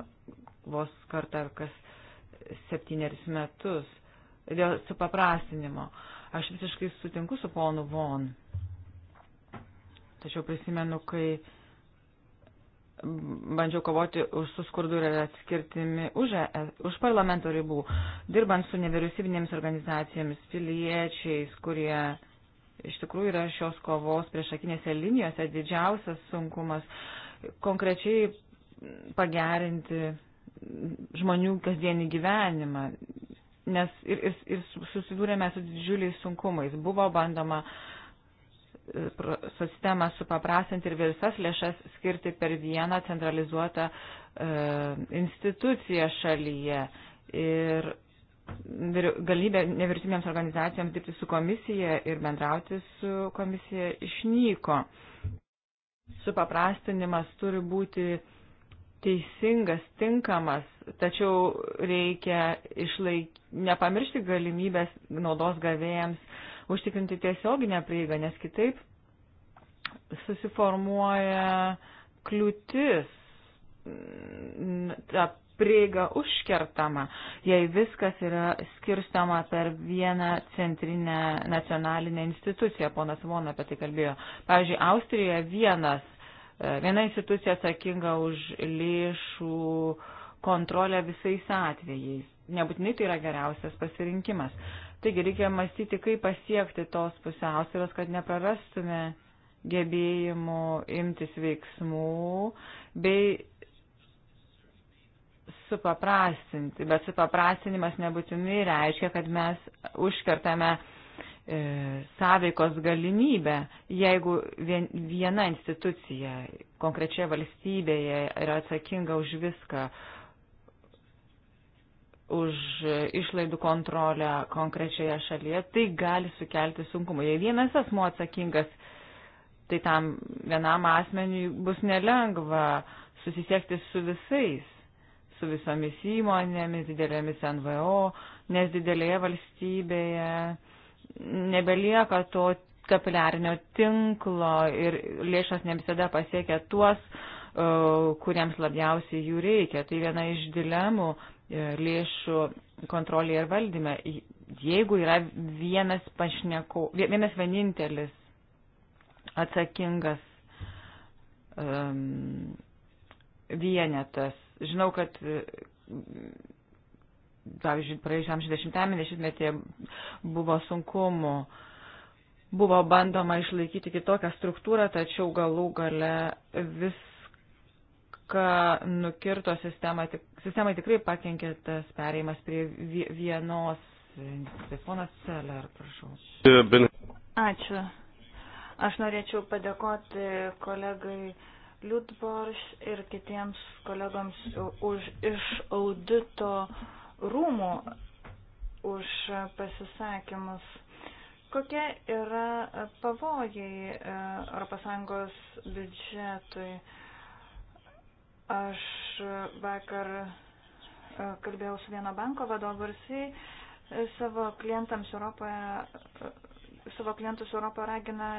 vos kartą kas septynerius metus dėl supaprastinimo. Uh, Aš visiškai sutinku su ponu Von. Tačiau prisimenu, kai bandžiau kovoti už suskurdu ir atskirtimi už, e, už parlamento ribų, dirbant su nevyriausybinėmis organizacijomis, piliečiais, kurie iš tikrųjų yra šios kovos priešakinėse linijose didžiausias sunkumas konkrečiai pagerinti žmonių kasdienį gyvenimą, nes ir, ir, ir susidūrėme su didžiuliais sunkumais. Buvo bandoma e, sistemą supaprastinti ir visas lėšas skirti per vieną centralizuotą e, instituciją šalyje. Ir galimybė nevyriausybėms organizacijoms dirbti su komisija ir bendrauti su komisija išnyko. Supaprastinimas turi būti teisingas, tinkamas, tačiau reikia išlaik... nepamiršti galimybės naudos gavėjams užtikrinti tiesioginę prieigą, nes kitaip susiformuoja kliūtis ta prieiga užkertama, jei viskas yra skirstama per vieną centrinę nacionalinę instituciją, ponas Von apie tai kalbėjo. Pavyzdžiui, Austrijoje vienas viena institucija atsakinga už lėšų kontrolę visais atvejais. Nebūtinai tai yra geriausias pasirinkimas. Taigi reikia mąstyti, kaip pasiekti tos pusiausvėros, kad neprarastume gebėjimų imtis veiksmų bei supaprastinti. Bet supaprastinimas nebūtinai reiškia, kad mes užkertame uh, E, sąveikos galimybę, jeigu viena institucija konkrečioje valstybėje yra atsakinga už viską, už išlaidų kontrolę konkrečioje šalyje, tai gali sukelti sunkumų. Jei vienas asmo atsakingas, tai tam vienam asmeniui bus nelengva susisiekti su visais, su visomis įmonėmis, didelėmis NVO, nes didelėje valstybėje nebelieka to kapiliarinio tinklo ir lėšas ne visada pasiekia tuos, e, kuriems labiausiai jų reikia. Tai viena iš dilemų e, lėšų kontrolėje ir valdyme. Jeigu yra vienas pašnekau, vienas vienintelis atsakingas um, vienetas, žinau, kad pavyzdžiui, praėjusiam 60-ame dešimtmetyje buvo sunkumų, buvo bandoma išlaikyti kitokią struktūrą, tačiau galų gale viską nukirto sistemą, sistemai tikrai pakenkė tas pereimas prie vienos. Ponas Celer, prašau. Ačiū. Aš norėčiau padėkoti kolegai Liutborš ir kitiems kolegams už iš audito uh, rūmų už pasisakymus. Kokie yra pavojai ES biudžetui? Aš vakar e, kalbėjau su vieno banko vadovu ir jisai e, savo klientams Europoje, e, savo klientus Europoje ragina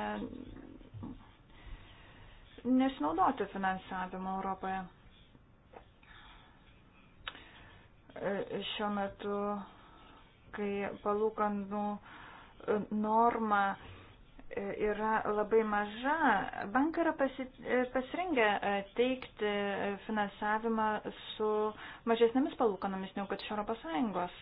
nesinaudoti finansavimo Europoje. E, šiuo metu, kai palūkanų e, norma e, yra labai maža, bankai yra pasi, pasirengę teikti finansavimą su mažesnėmis palūkanomis negu kad iš Europos Sąjungos.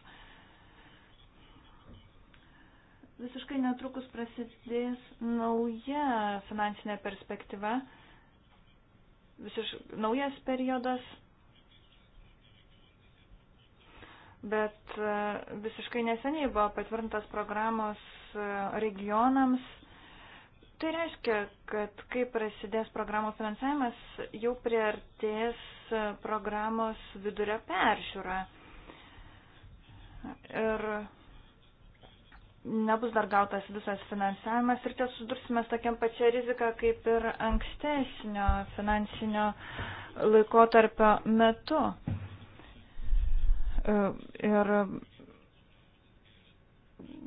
Visiškai netrukus prasidės nauja finansinė perspektyva, visiškai naujas periodas bet e, visiškai neseniai buvo patvirtintas programos e, regionams. Tai reiškia, kad kai prasidės programos finansavimas, jau priartės e, programos vidurio peržiūra. Ir nebus dar gautas visas finansavimas ir čia sudursime tokiam pačia rizika kaip ir ankstesnio finansinio laikotarpio metu. E, ir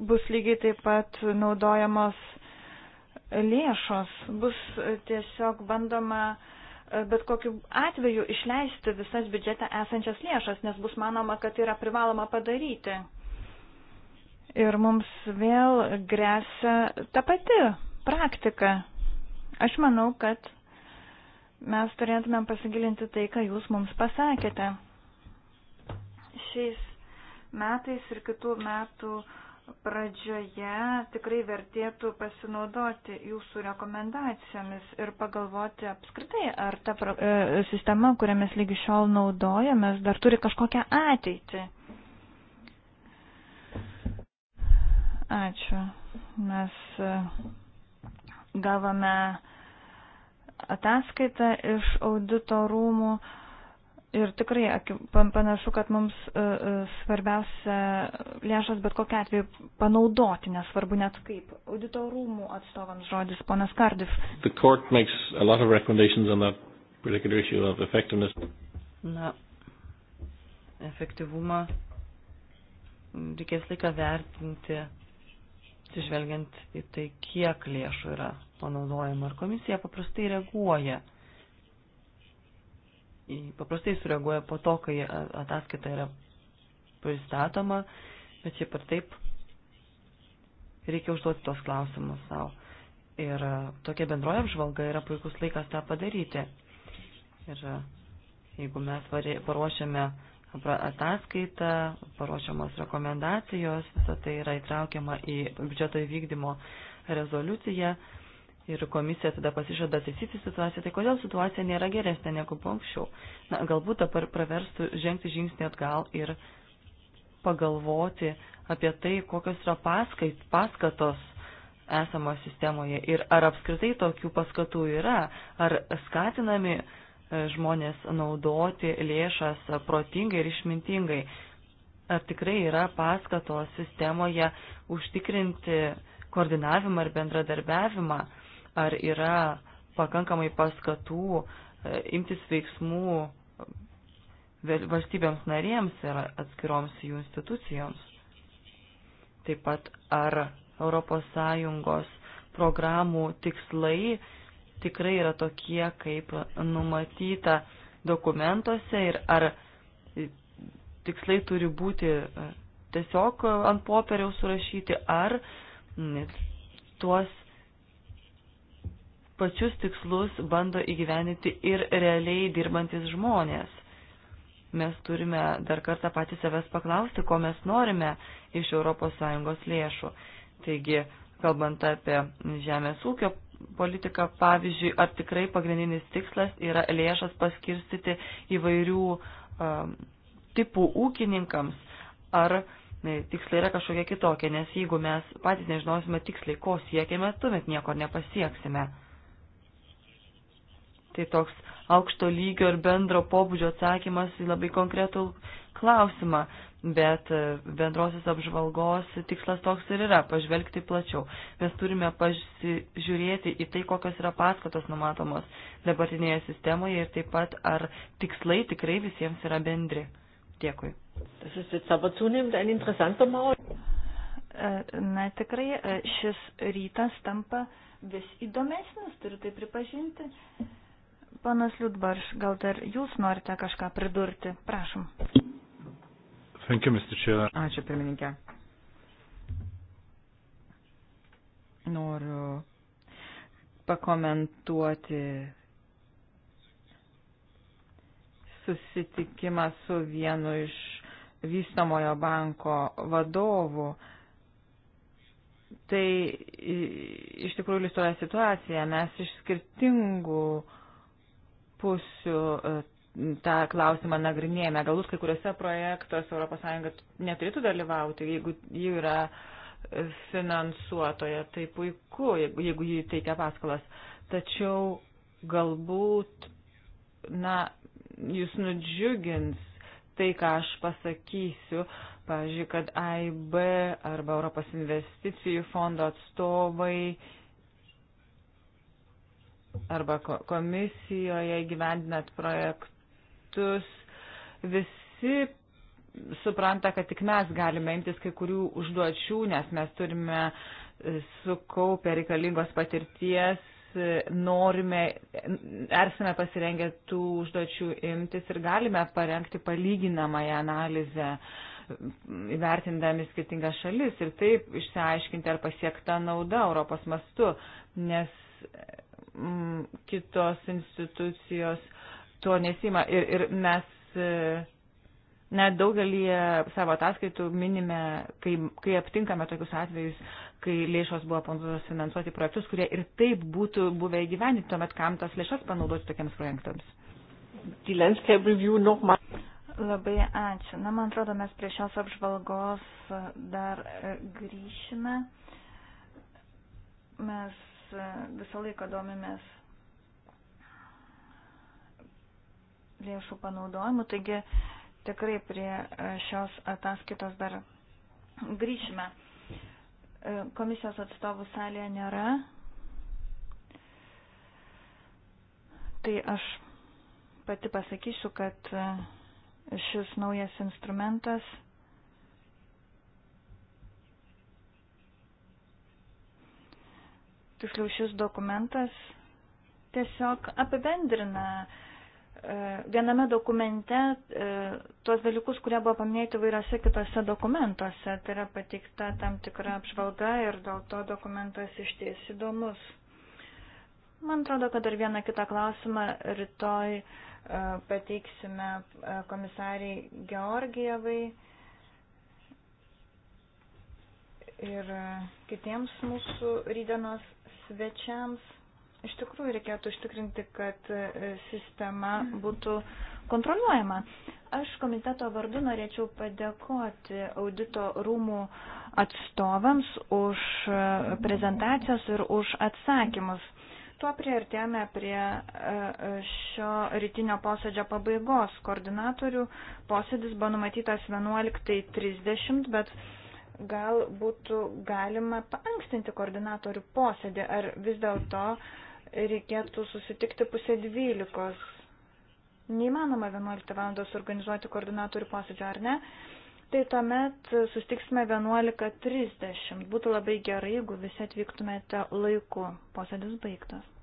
bus lygiai taip pat naudojamos lėšos, bus tiesiog bandoma e, bet kokiu atveju išleisti visas biudžete esančias lėšas, nes bus manoma, kad yra privaloma padaryti. Ir mums vėl grėsia ta pati praktika. Aš manau, kad mes turėtumėm pasigilinti tai, ką jūs mums pasakėte šiais metais ir kitų metų pradžioje tikrai vertėtų pasinaudoti jūsų rekomendacijomis ir pagalvoti apskritai, ar ta pro, e, sistema, kurią mes lygi šiol naudojamės, dar turi kažkokią ateitį. Ačiū. Mes e, gavome ataskaitą iš auditorumų. rūmų Ir tikrai panašu, kad mums e, e, svarbiausia lėšas bet kokia atveju panaudoti, nesvarbu net kaip. Auditorumų atstovams žodis, ponas Kardif. Na, efektyvumą reikės laiką vertinti, atsižvelgiant į tai, kiek lėšų yra panaudojama. Ar komisija paprastai reaguoja? paprastai sureaguoja po to, kai ataskaita yra pristatoma, bet šiaip ar taip reikia užduoti tos klausimus savo. Ir tokia bendroja apžvalga yra puikus laikas tą padaryti. Ir jeigu mes paruošiame ataskaitą, paruošiamos rekomendacijos, visą tai yra įtraukiama į biudžeto įvykdymo rezoliuciją, ir komisija tada pasižada taisyti situaciją, tai kodėl situacija nėra geresnė negu buvo anksčiau? Na, galbūt dabar praverstų žengti žingsnį atgal ir pagalvoti apie tai, kokios yra paskait, paskatos esamo sistemoje ir ar apskritai tokių paskatų yra, ar skatinami e, žmonės naudoti lėšas protingai ir išmintingai, ar tikrai yra paskatos sistemoje užtikrinti koordinavimą ir bendradarbiavimą ar yra pakankamai paskatų e, imtis veiksmų e, valstybėms narėms ir atskiroms jų institucijoms. Taip pat ar ES programų tikslai tikrai yra tokie, kaip numatyta dokumentuose ir ar tikslai turi būti e, tiesiog ant popieriaus surašyti, ar tuos pačius tikslus bando įgyveninti ir realiai dirbantis žmonės. Mes turime dar kartą patys savęs paklausti, ko mes norime iš ES lėšų. Taigi, kalbant apie žemės ūkio politiką, pavyzdžiui, ar tikrai pagrindinis tikslas yra lėšas paskirstyti įvairių um, tipų ūkininkams, ar e, tikslai yra kažkokie kitokie, nes jeigu mes patys nežinosime tiksliai, ko siekime, tuomet nieko nepasieksime. Tai toks aukšto lygio ir bendro pobūdžio atsakymas į labai konkretų klausimą, bet e, bendrosios apžvalgos tikslas toks ir yra - pažvelgti plačiau. Mes turime pažiūrėti į tai, kokios yra paskatos numatomos dabartinėje sistemoje ir taip pat, ar tikslai tikrai visiems yra bendri. Dėkui. E, na tikrai e, šis rytas tampa vis įdomesnis, turiu tai pripažinti. Panas Liudbarš, gal dar jūs norite kažką pridurti? Prašom. Thank you, Mr. Chair. Ačiū, pirmininkė. Noriu pakomentuoti susitikimą su vienu iš vystamojo banko vadovų. Tai iš tikrųjų iliustruoja situaciją. Mes iš skirtingų uh, pusių e, tą klausimą nagrinėjame. Galbūt kai kuriuose projektuose ES neturėtų dalyvauti, jeigu ji yra e, finansuotoja, tai puiku, jeigu ji teikia paskolas. Tačiau galbūt, na, jūs nudžiugins tai, ką aš pasakysiu, pavyzdžiui, kad AIB arba Europos investicijų fondo atstovai arba komisijoje gyvendinat projektus, visi supranta, kad tik mes galime imtis kai kurių užduočių, nes mes turime e, sukaupę reikalingos patirties, e, norime, esame pasirengę tų užduočių imtis ir galime parengti palyginamąją analizę įvertindami skirtingas šalis ir taip išsiaiškinti, ar pasiekta nauda Europos mastu, nes m, mm, kitos institucijos tuo nesima. Ir, ir mes e, net daugelį savo ataskaitų minime, kai, kai aptinkame tokius atvejus, kai lėšos buvo panaudotos finansuoti projektus, kurie ir taip būtų buvę įgyvendinti, tuomet kam tas lėšas panaudoti tokiems projektams. Labai ačiū. Na, man atrodo, mes prie šios apžvalgos dar e, grįšime. Mes visą laiką domimės lėšų panaudojimu, taigi tikrai prie e, šios ataskaitos dar grįžime. E, komisijos atstovų salėje nėra. Tai aš pati pasakysiu, kad e, šis naujas instrumentas – tiksliau šis dokumentas tiesiog apibendrina e, viename dokumente e, tuos dalykus, kurie buvo paminėti vairiose kitose dokumentuose. Tai yra pateikta tam tikra apžvalga ir dėl to dokumentas išties įdomus. Man atrodo, kad dar vieną kitą klausimą rytoj e, pateiksime komisariai Georgijavai ir kitiems mūsų rydenos svečiams. Iš tikrųjų reikėtų užtikrinti, kad e, sistema būtų kontroliuojama. Aš komiteto vardu norėčiau padėkoti audito rūmų atstovams už e, prezentacijas ir už atsakymus. Tuo priartėme prie e, šio rytinio posėdžio pabaigos. Koordinatorių posėdis buvo numatytas 11.30, bet gal būtų galima paankstinti koordinatorių posėdį, ar vis dėlto reikėtų susitikti pusė dvylikos. Neįmanoma 11 val. organizuoti koordinatorių posėdžio, ar ne? Tai tuomet sustiksime 11.30. Būtų labai gerai, jeigu visi atvyktumėte laiku. Posėdis baigtas.